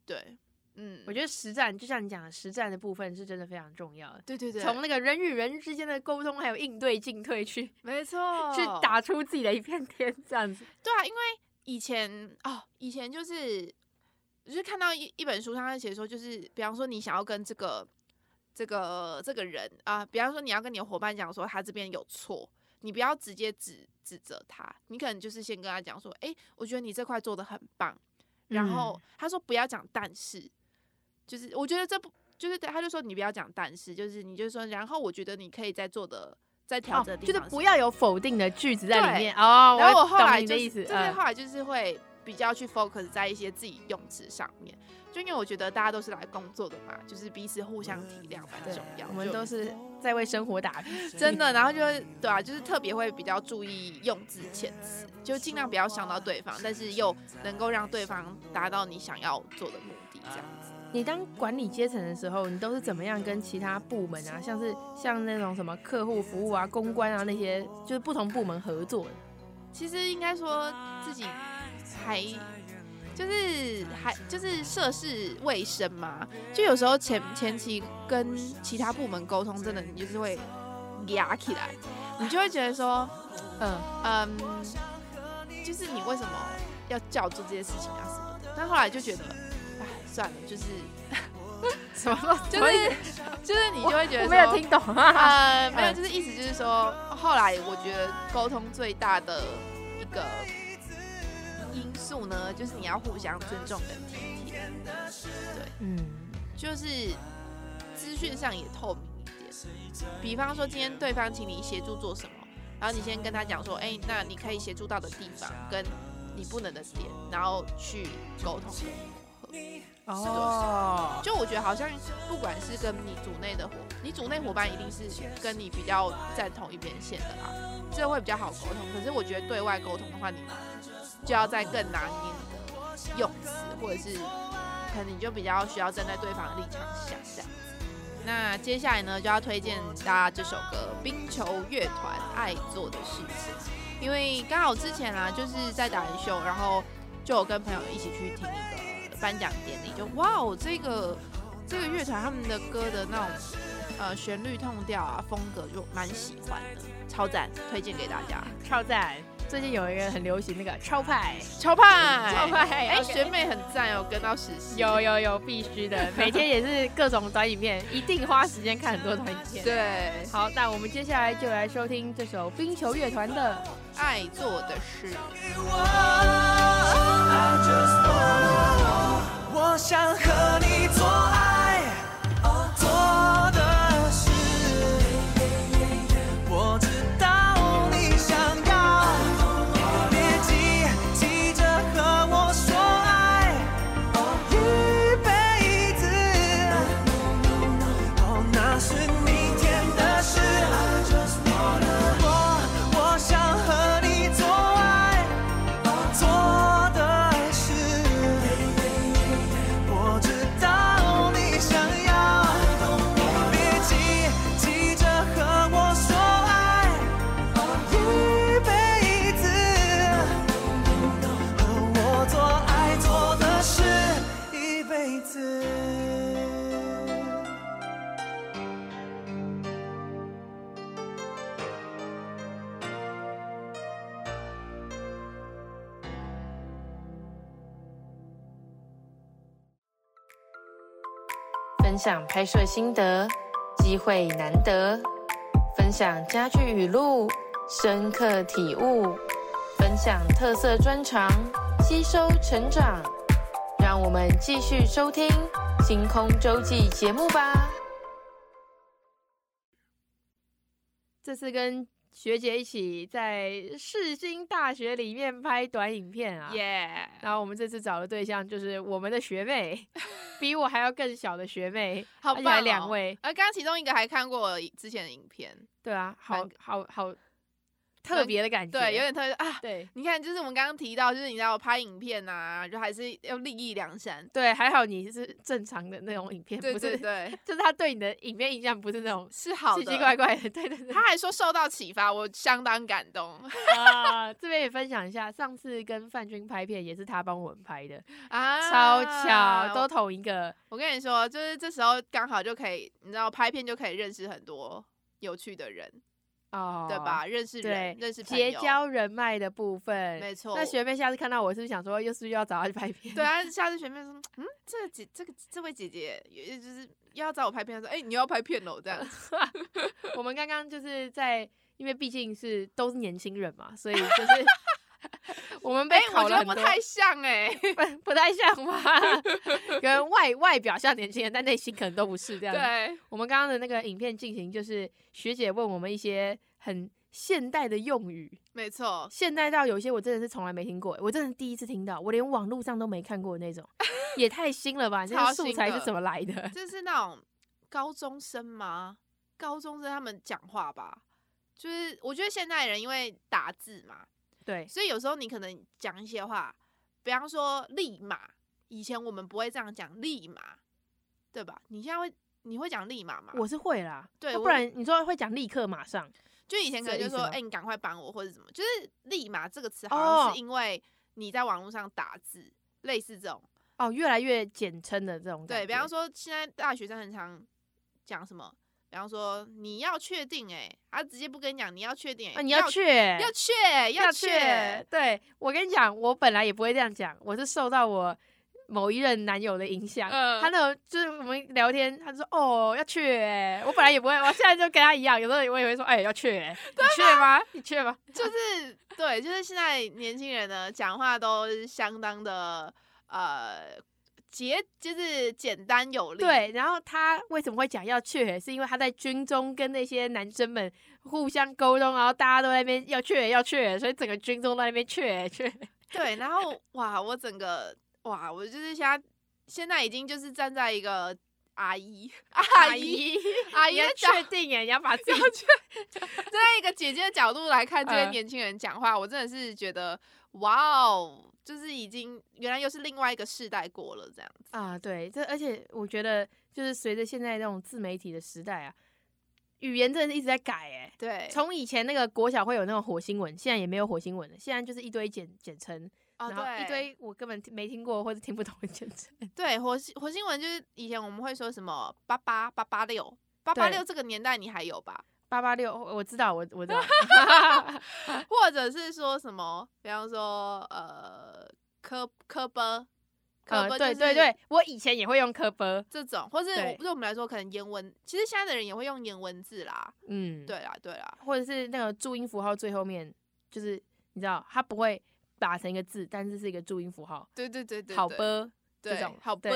對，嗯，我覺得實戰就像你講的，實戰的部分是真的非常重要的。對對對，從那個人與人之間的溝通，還有應對進退去，沒錯，去打出自己的一片天，這樣子。對啊，因為以前哦，以前就是。就是看到一一本書，上他寫說，就是比方說你想要跟這個這個這個人啊、呃，比方說你要跟你的夥伴講說他這邊有錯，你不要直接指指責他，你可能就是先跟他講說，哎、欸，我覺得你這塊做得很棒，然後他說不要講但是，嗯、就是我覺得這不就是他就說你不要講但是，就是你就說，然後我覺得你可以再做的再調整的地方、哦，就是不要有否定的句子在裡面對哦。然後我後來、就是、我懂你的意思、呃、是後來就是會。比較去 focus 在一些自己用詞上面，就因為我覺得大家都是來工作的嘛，就是彼此互相體諒蠻重要。對就我們都是在為生活打拼， 真的。然後就 對啊，就是特別會比較注意用字遣詞，就盡量不要傷到對方，但是又能夠讓對方達到你想要做的目的，這樣子。你當管理階層的時候，你都是怎麼樣跟其他部門啊，像是像那種什麼客戶服務啊、公關啊那些，就是不同部門合作的？其實應該說自己。還就是還就是涉世未深嘛，就有時候前前期跟其他部門溝通，真的就是會壓起來，你就會覺得說，嗯嗯，就是你為什麼要叫做這些事情啊什麼？但後來就覺得，哎，算了，就是什麼 就是就是你就會覺得我我沒有聽懂啊，呃沒有，就是意思就是說，後來我覺得溝通最大的一個。因素呢，就是你要互相尊重跟體貼，對，嗯，就是資訊上也透明一點。比方說今天對方請你協助做什麼，然後你先跟他講說，哎、欸，那你可以協助到的地方，跟你不能的點，然後去溝通跟磨合。哦，就我覺得好像不管是跟你組內的夥，你組內夥伴一定是跟你比較在同一邊線的啦，這會比較好溝通。可是我覺得對外溝通的話你，你。就要在更難用的用詞，或者是可能你就比較需要站在對方的立場想這樣子。那接下來呢，就要推薦大家這首歌《冰球樂團愛做的事情》，因為剛好之前啊，就是在達人秀，然後就有跟朋友一起去聽一個頒獎典禮，就哇，這個這個樂團他們的歌的那種呃旋律痛調啊風格就蠻喜歡的，超讚，推薦給大家，超讚。最近有一個很流行那個超派，超派，超派，超派，哎，學妹很讚哦，跟到實習，有有有，必須的， 每天也是各種短影片， 一定花時間看很多短影片。對，好，那我們接下來就來收聽這首冰球樂團的《愛做的事》。分享拍攝心得，機會難得；分享家具語錄，深刻體悟；分享特色專長，吸收成長。讓我們繼續收聽《星空周記》節目吧。這次跟。學姐一起在世新大學裡面拍短影片啊！耶！Yeah. 然後我們這次找的對象就是我們的學妹， 比我還要更小的學妹， 而且還好棒哦！兩位，而剛剛其中一個還看過我之前的影片，對啊，好好看 好。好好特別的感覺，對，對，有點特別啊。對，你看，就是我們剛剛提到，就是你知道我拍影片啊，就還是要立意良善。對，還好你是正常的那種影片，對對對不是對,對,對，就是他對你的影片印象不是那種是好的奇奇怪怪的。的對,對對，他還說受到啟發，我相當感動。啊、 這邊也分享一下，上次跟范軍拍片也是他幫我們拍的啊，超巧，都同一個。我，我跟你說，就是這時候剛好就可以，你知道拍片就可以認識很多有趣的人。哦，oh, 對吧？認識人、對認識結交人脈的部分，沒錯錯。那學妹下次看到我，是不是想說，又是又要找她去拍片？對啊，下次學妹說，嗯，這姐這個這位姐姐，也就是又要找我拍片，說，哎、欸，你要拍片嘍？這樣子， 我們剛剛就是在，因為畢竟是都是年輕人嘛，所以就是。 我們被考好像、欸、不太像哎、欸，不太像吧？ 跟外外表像年輕人，但內心可能都不是這樣子。對，我們剛剛的那個影片進行，就是學姐問我們一些很現代的用語，沒錯錯，現代到有些我真的是從來沒聽過，我真的第一次聽到，我連網絡上都沒看過那種， 也太新了吧？這個素材是怎麼來的、的？這是那種高中生嗎？高中生他們講話吧，就是我覺得現代人因為打字嘛。對，所以有時候你可能講一些話，比方說“立馬”，以前我們不會這樣講“立馬”，對吧？你現在會你會講“立馬”嗎？我是會啦，對，不然你說會講“立刻”“馬上”，就以前可能就說“哎，欸，你趕快幫我”或者什麼，就是“立馬”這個詞好像是因為你在網絡上打字，哦、類似這種哦，越來越簡稱的這種。對，比方說現在大學生很常講什麼。比方說，你要確定哎、欸，他、啊、直接不跟你講，你要確定、欸啊，你要確，要確，要確確。要確對，我跟你講，我本來也不會這樣講，我是受到我某一任男友的影響，嗯、他那種就是我們聊天，他就說哦要確、欸，我本來也不會， 我現在就跟他一樣，有時候我也會說哎、欸、要確、欸，對嗎你確嗎？你確嗎？就是 對，就是現在年輕人呢，講話都相當的呃。簡就是簡單有力。對，然後他為什麼會講要去？是因為他在軍中跟那些男生們互相溝通，然後大家都在那邊要去，要去，所以整個軍中都在那邊去去。對，然後哇，我整個哇，我就是現在現在已經就是站在一個阿姨阿姨阿姨的角度，哎，要，要把自己站在一個姐姐的角度來看這些年輕人講話，呃，我真的是覺得哇哦。就是已經原來又是另外一個世代過了這樣子啊，對，這而且我覺得就是隨着現在這種自媒體的時代啊，語言真的是一直在改哎、欸。對，從以前那個國小會有那種火星文，現在也沒有火星文了，現在就是一堆簡簡稱啊，對，然後一堆我根本沒聽過或者聽不懂的簡稱。對，火星火星文就是以前我們會說什麼八八八八六八八六，這個年代你還有吧？八八六，我知道，我我知道哈。或者是說什麼，比方說，呃，科科波，科波，對對對，我以前也會用科波這種，或是我對我們來說，可能英文，其實現在的人也會用言文字啦，嗯，對啦對啦，或者是那個注音符號最後面，就是你知道，它不會打成一個字，但是是一個注音符號，對對對對，好波，這種好波。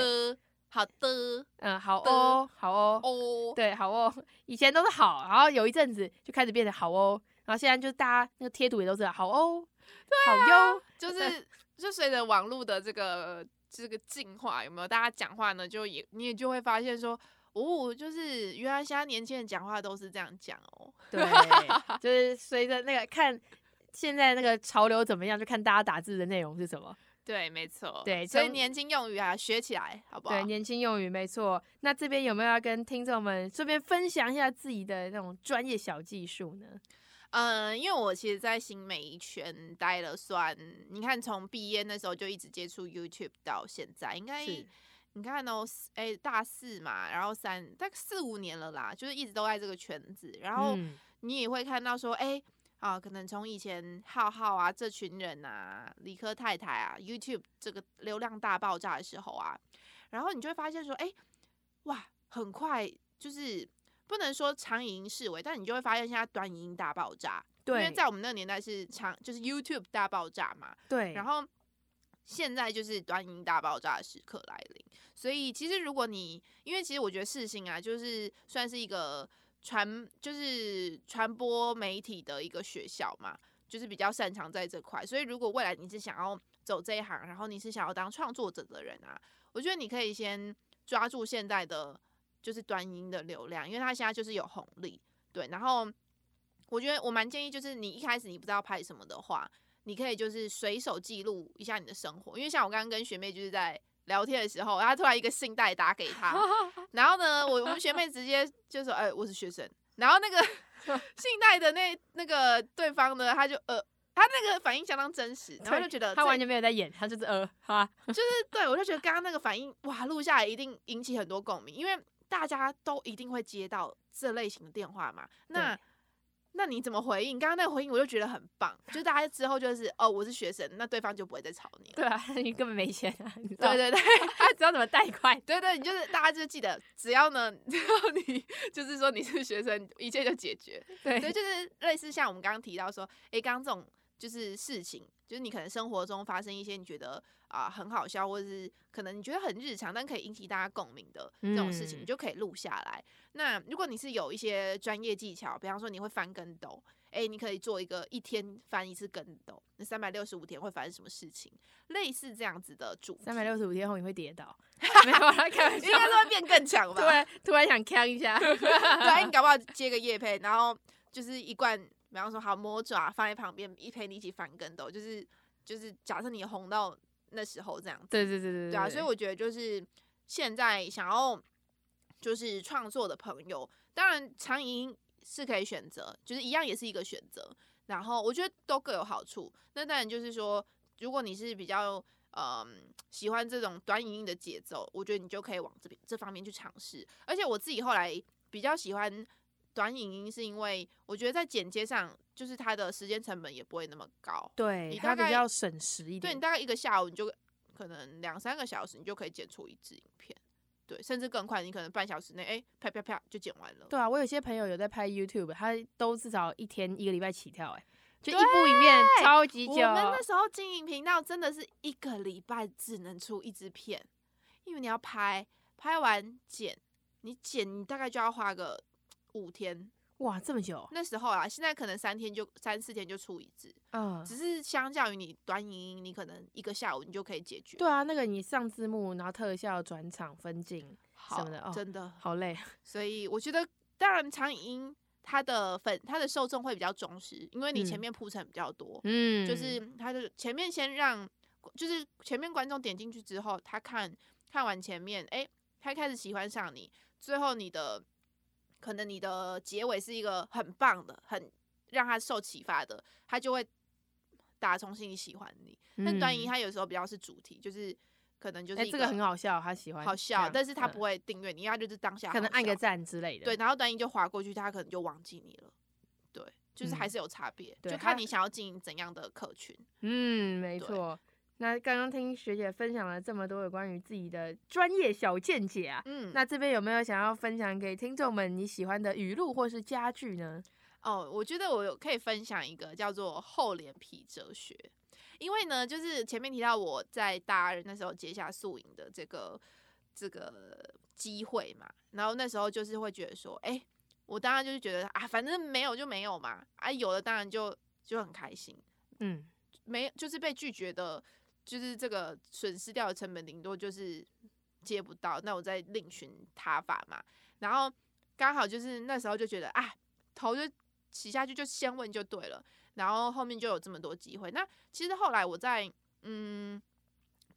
好的，嗯，好哦，呃，好哦，好哦，哦，對，好哦。以前都是好，然後有一陣子就開始變得好哦，然後現在就是大家那個貼圖也都是好哦，對啊，好喲。就是就隨着網絡的這個這個進化，有沒有？大家講話呢，就也你也就會發現說，哦，就是原來現在年輕人講話都是這樣講哦，對，就是隨着那個看現在那個潮流怎麼樣，就看大家打字的內容是什麼。對，沒錯。對，所以年輕用語啊，學起來好不好？對，年輕用語沒錯。那這邊有沒有要跟聽眾們這邊分享一下自己的那種專業小技術呢？呃，因為我其實，在新媒體圈待了算，你看從畢業那時候就一直接觸 YouTube 到現在，應該是你看哦，哎、欸，大四嘛，然後三大概四五年了啦，就是一直都在這個圈子。然後你也會看到說，哎、欸。啊，可能從以前浩浩啊這群人啊，理科太太啊，YouTube 這個流量大爆炸的時候啊，然後你就會發現說，哎、欸，哇，很快就是不能說長影音式微，但你就會發現現在短影音大爆炸。對。因為在我們那個年代是長，就是 YouTube 大爆炸嘛。對。然後現在就是短影音大爆炸的時刻來臨，所以其實如果你因為其實我覺得世新啊，就是算是一個。傳就是傳播媒體的一個學校嘛，就是比較擅長在這塊。所以如果未來你是想要走這一行，然後你是想要當創作者的人啊，我覺得你可以先抓住現在的就是短影音的流量，因為他現在就是有紅利。對，然後我覺得我蠻建議，就是你一開始你不知道拍什麼的話，你可以就是隨手記錄一下你的生活，因為像我剛剛跟學妹就是在。聊天的時候，然後突然一個信貸打給他，然後呢，我我們學妹直接就說：“哎、欸，我是學生。”然後那個信貸的那那個對方呢，他就呃，他那個反應相當真實，然後就覺得他完全沒有在演，他就是呃，好啊，就是對，我就覺得剛剛那個反應哇，錄下來一定引起很多共鳴，因為大家都一定會接到這類型的電話嘛，那。那你怎麼回應？剛剛那個回應我就覺得很棒，就大家之後就是哦，我是學生，那對方就不會再吵你。對啊，你根本沒錢啊！你知道。對對對，他知道怎麼貸款。對,對對，你就是大家就記得，只要呢，只要你就是說你是學生，一切就解決。對，所以就是類似像我們剛剛提到說，哎、欸，剛剛這種。就是事情，就是你可能生活中發生一些你覺得啊、呃、很好笑，或者是可能你覺得很日常，但可以引起大家共鳴的這種事情，你就可以錄下來。嗯、那如果你是有一些專業技巧，比方說你會翻跟斗，哎、欸，你可以做一個一天翻一次跟斗，那三百六十五天會發生什麼事情？類似這樣子的主，三百六十五天後你會跌倒？ 沒有 應該是會變更強吧？對，突然想 count 一下， 對，你搞不好接個業配，然後就是一罐比方說好，好摸爪放在旁邊，一陪你一起翻跟斗，就是就是假設你紅到那時候這樣子，對對對對對對對，對啊！所以我覺得就是現在想要就是創作的朋友，當然長影音是可以選擇，就是一樣也是一個選擇。然後我覺得都各有好處。那當然就是說，如果你是比較嗯，呃，喜歡這種短影音的節奏，我覺得你就可以往這邊這方面去嘗試。而且我自己後來比較喜歡。短影音是因為我覺得在剪接上，就是它的時間成本也不會那麼高對，它比較省時一點。對，你大概一個下午，你就可能兩三個小時，你就可以剪出一支影片。對，甚至更快，你可能半小時內，哎、欸，啪啪啪就剪完了。對啊，我有些朋友有在拍 YouTube，他都至少一天一個禮拜起跳、欸，誒，就一部影片超級久。我們那時候經營頻道真的是一個禮拜只能出一支片，因為你要拍，拍完剪，你剪你大概就要花個。五天。哇，這麼久？那時候啊，現在可能三天就三四天就出一次。嗯，只是相較於你短影音，你可能一個下午你就可以解決。對啊，那個你上字幕，然後特效、轉場、分鏡好什麼的，哦、真的好累。所以我覺得，當然長影音它的粉、它的受眾會比較忠實，因為你前面鋪陳比較多。嗯，就是它就前面先讓，就是前面觀眾點進去之後，他看看完前面，哎、欸，他開始喜歡上你，最後你的。可能你的結尾是一個很棒的，很讓他受啟發的，他就會打從心裡喜歡你。嗯、但段音他有時候比較是主題，就是可能就是個、欸、這個很好笑，他喜歡好笑，但是他不會訂閱你，嗯、因為他就是當下可能按個讚之類的。對，然後段音就劃過去，他可能就忘記你了。對，就是還是有差別，嗯、就看你想要經營怎樣的客群。嗯，沒錯。那剛剛聽學姐分享了這麼多有關於自己的專業小見解啊，嗯，那這邊有沒有想要分享給聽眾們你喜歡的語錄或是佳句呢？哦，我覺得我有可以分享一個叫做“厚臉皮哲學”，因為呢，就是前面提到我在大二那時候接下宿營的這個這個機會嘛，然後那時候就是會覺得說，哎，我當然就是覺得啊，反正沒有就沒有嘛，啊，有的當然就就很開心，嗯，沒就是被拒絕的。就是這個損失掉的成本頂多就是接不到，那我再另尋他法嘛。然後剛好就是那時候就覺得啊，頭就洗下去就先問就對了。然後後面就有這麼多機會。那其實後來我在嗯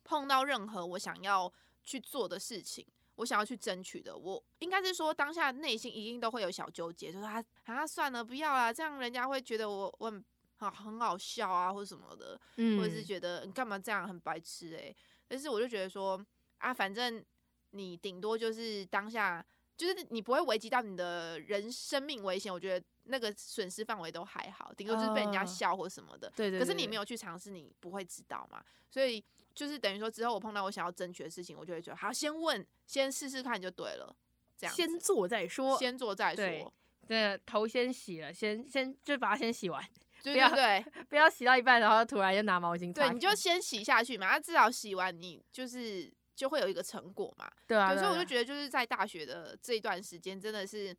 碰到任何我想要去做的事情，我想要去爭取的，我應該是說當下內心一定都會有小糾結，就是他啊算了不要啦，這樣人家會覺得我，我很。好，很好笑啊，或者什麼的，嗯、或者是覺得你幹嘛這樣，很白痴誒、欸。但是我就覺得說，啊，反正你頂多就是當下，就是你不會危及到你的人生命危險，我覺得那個損失範圍都還好，頂多就是被人家笑或什麼的。對，哦、可是你沒有去嘗試，你不會知道嘛。對對對對，所以就是等於說，之後我碰到我想要爭取的事情，我就會覺得好，先問，先試試看就對了。這樣，先做再說，先做再說對。對，頭先洗了，先先就把它先洗完。對，對，對，對不對？不要洗到一半，然後就突然又拿毛巾擦。對，你就先洗下去嘛。那、啊、至少洗完你，你就是就會有一個成果嘛。對啊。對，所以我就覺得，就是在大學的這一段時間，真的是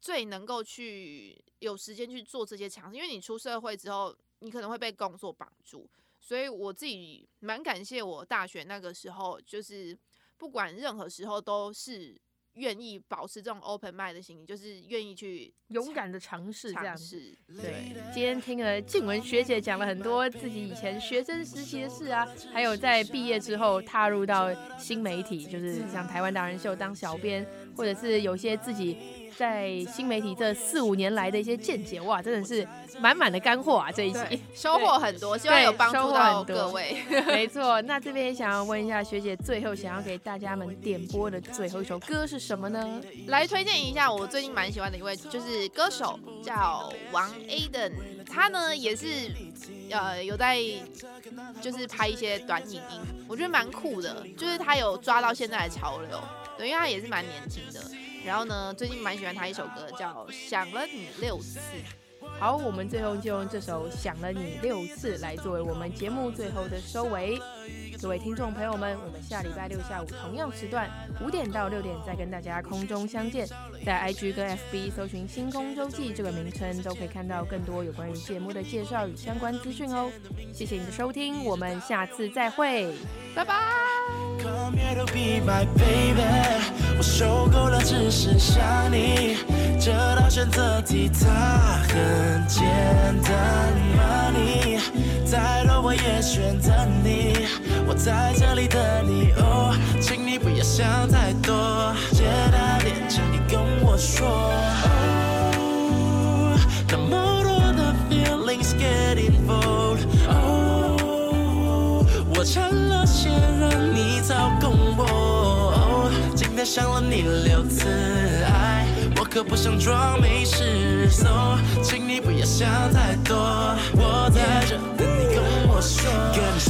最能夠去有時間去做這些嘗試。因為你出社會之後，你可能會被工作綁住。所以我自己蠻感謝我大學那個時候，就是不管任何時候都是。願意保持這種 open mind 的心理，就是願意去勇敢的嘗試，這樣。嘗試。對，今天聽了靜文學姐講了很多自己以前學生時期的事啊，還有在畢業之後踏入到新媒體，就是像台灣達人秀當小編。或者是有些自己在新媒體這四五年來的一些見解，哇，真的是滿滿的乾貨啊！這一期收穫很多，對希望有幫助到各位。 沒錯，那這邊也想要問一下學姐，最後想要給大家們點播的最後一首歌是什麼呢？來推薦一下。我最近蠻喜歡的一位就是歌手叫王 Aden，他呢也是呃有在就是拍一些短影音，我覺得蠻酷的，就是他有抓到現在的潮流。對，因為他也是蠻年輕的，然後呢，最近蠻喜歡他一首歌，叫《想了你六次》。好，我們最後就用這首《想了你六次》來作為我們節目最後的收尾。各位聽眾朋友們，我們下禮拜六下午同樣時段五點到六點再跟大家空中相見。在 I G 跟 F B 搜尋“星空週記”這個名稱，都可以看到更多有關於節目的介紹與相關資訊哦。謝謝你的收聽，我們下次再會，拜拜。我在這裡等你哦，oh, 請你不要想太多，接打點，請你跟我說。Oh，the more the feelings getting old Oh，我嘗了鮮讓你操控我，oh, 今天想了你六次，愛我可不想裝沒事，So，、no, 請你不要想太多，我在這等 Yeah, 你跟我說。Yeah,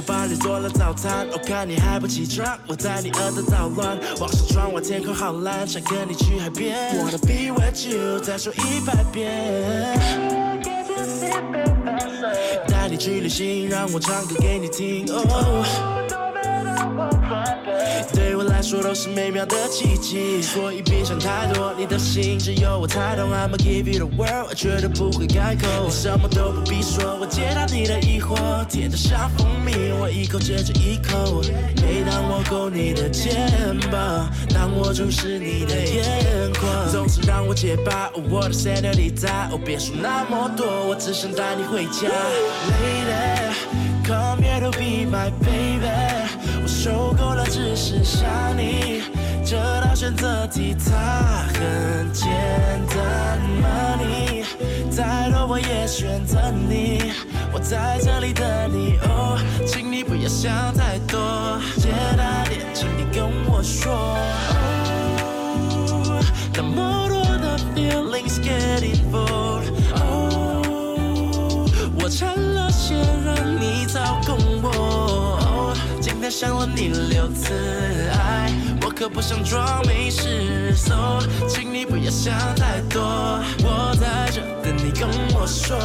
我幫你做了早餐，我、哦、看你還不起床，我在你耳朵搗亂。望向窗外天空好藍，想跟你去海邊。Wanna be with you，再說一百遍。Okay, I get 帶你去旅行，讓我唱歌給你聽。哦、oh 說都是美妙的奇跡，所以別想太多。你的心只有我才懂，I'mma give you the world，我絕對不會改口。我什麼都不必說，我解答你的疑惑，甜得像蜂蜜，我一口接着一口。每當我勾你的肩膀，當我注視你的眼眶，總是讓我結巴。我的 Cinderella，我別說那麼多，我只想帶你回家。Lady come here to be my baby。受夠了，只是想你。這道選擇題，它很簡單 Money。再多，我也選擇你。我在這裡等你，哦，請你不要想太多，簡單點，請你跟我說。Oh，那麼多的 feelings getting old。Oh，我成了先讓你操控。想了你六次，愛我可不想裝沒事，so 請你不要想太多，我在這等你跟我說。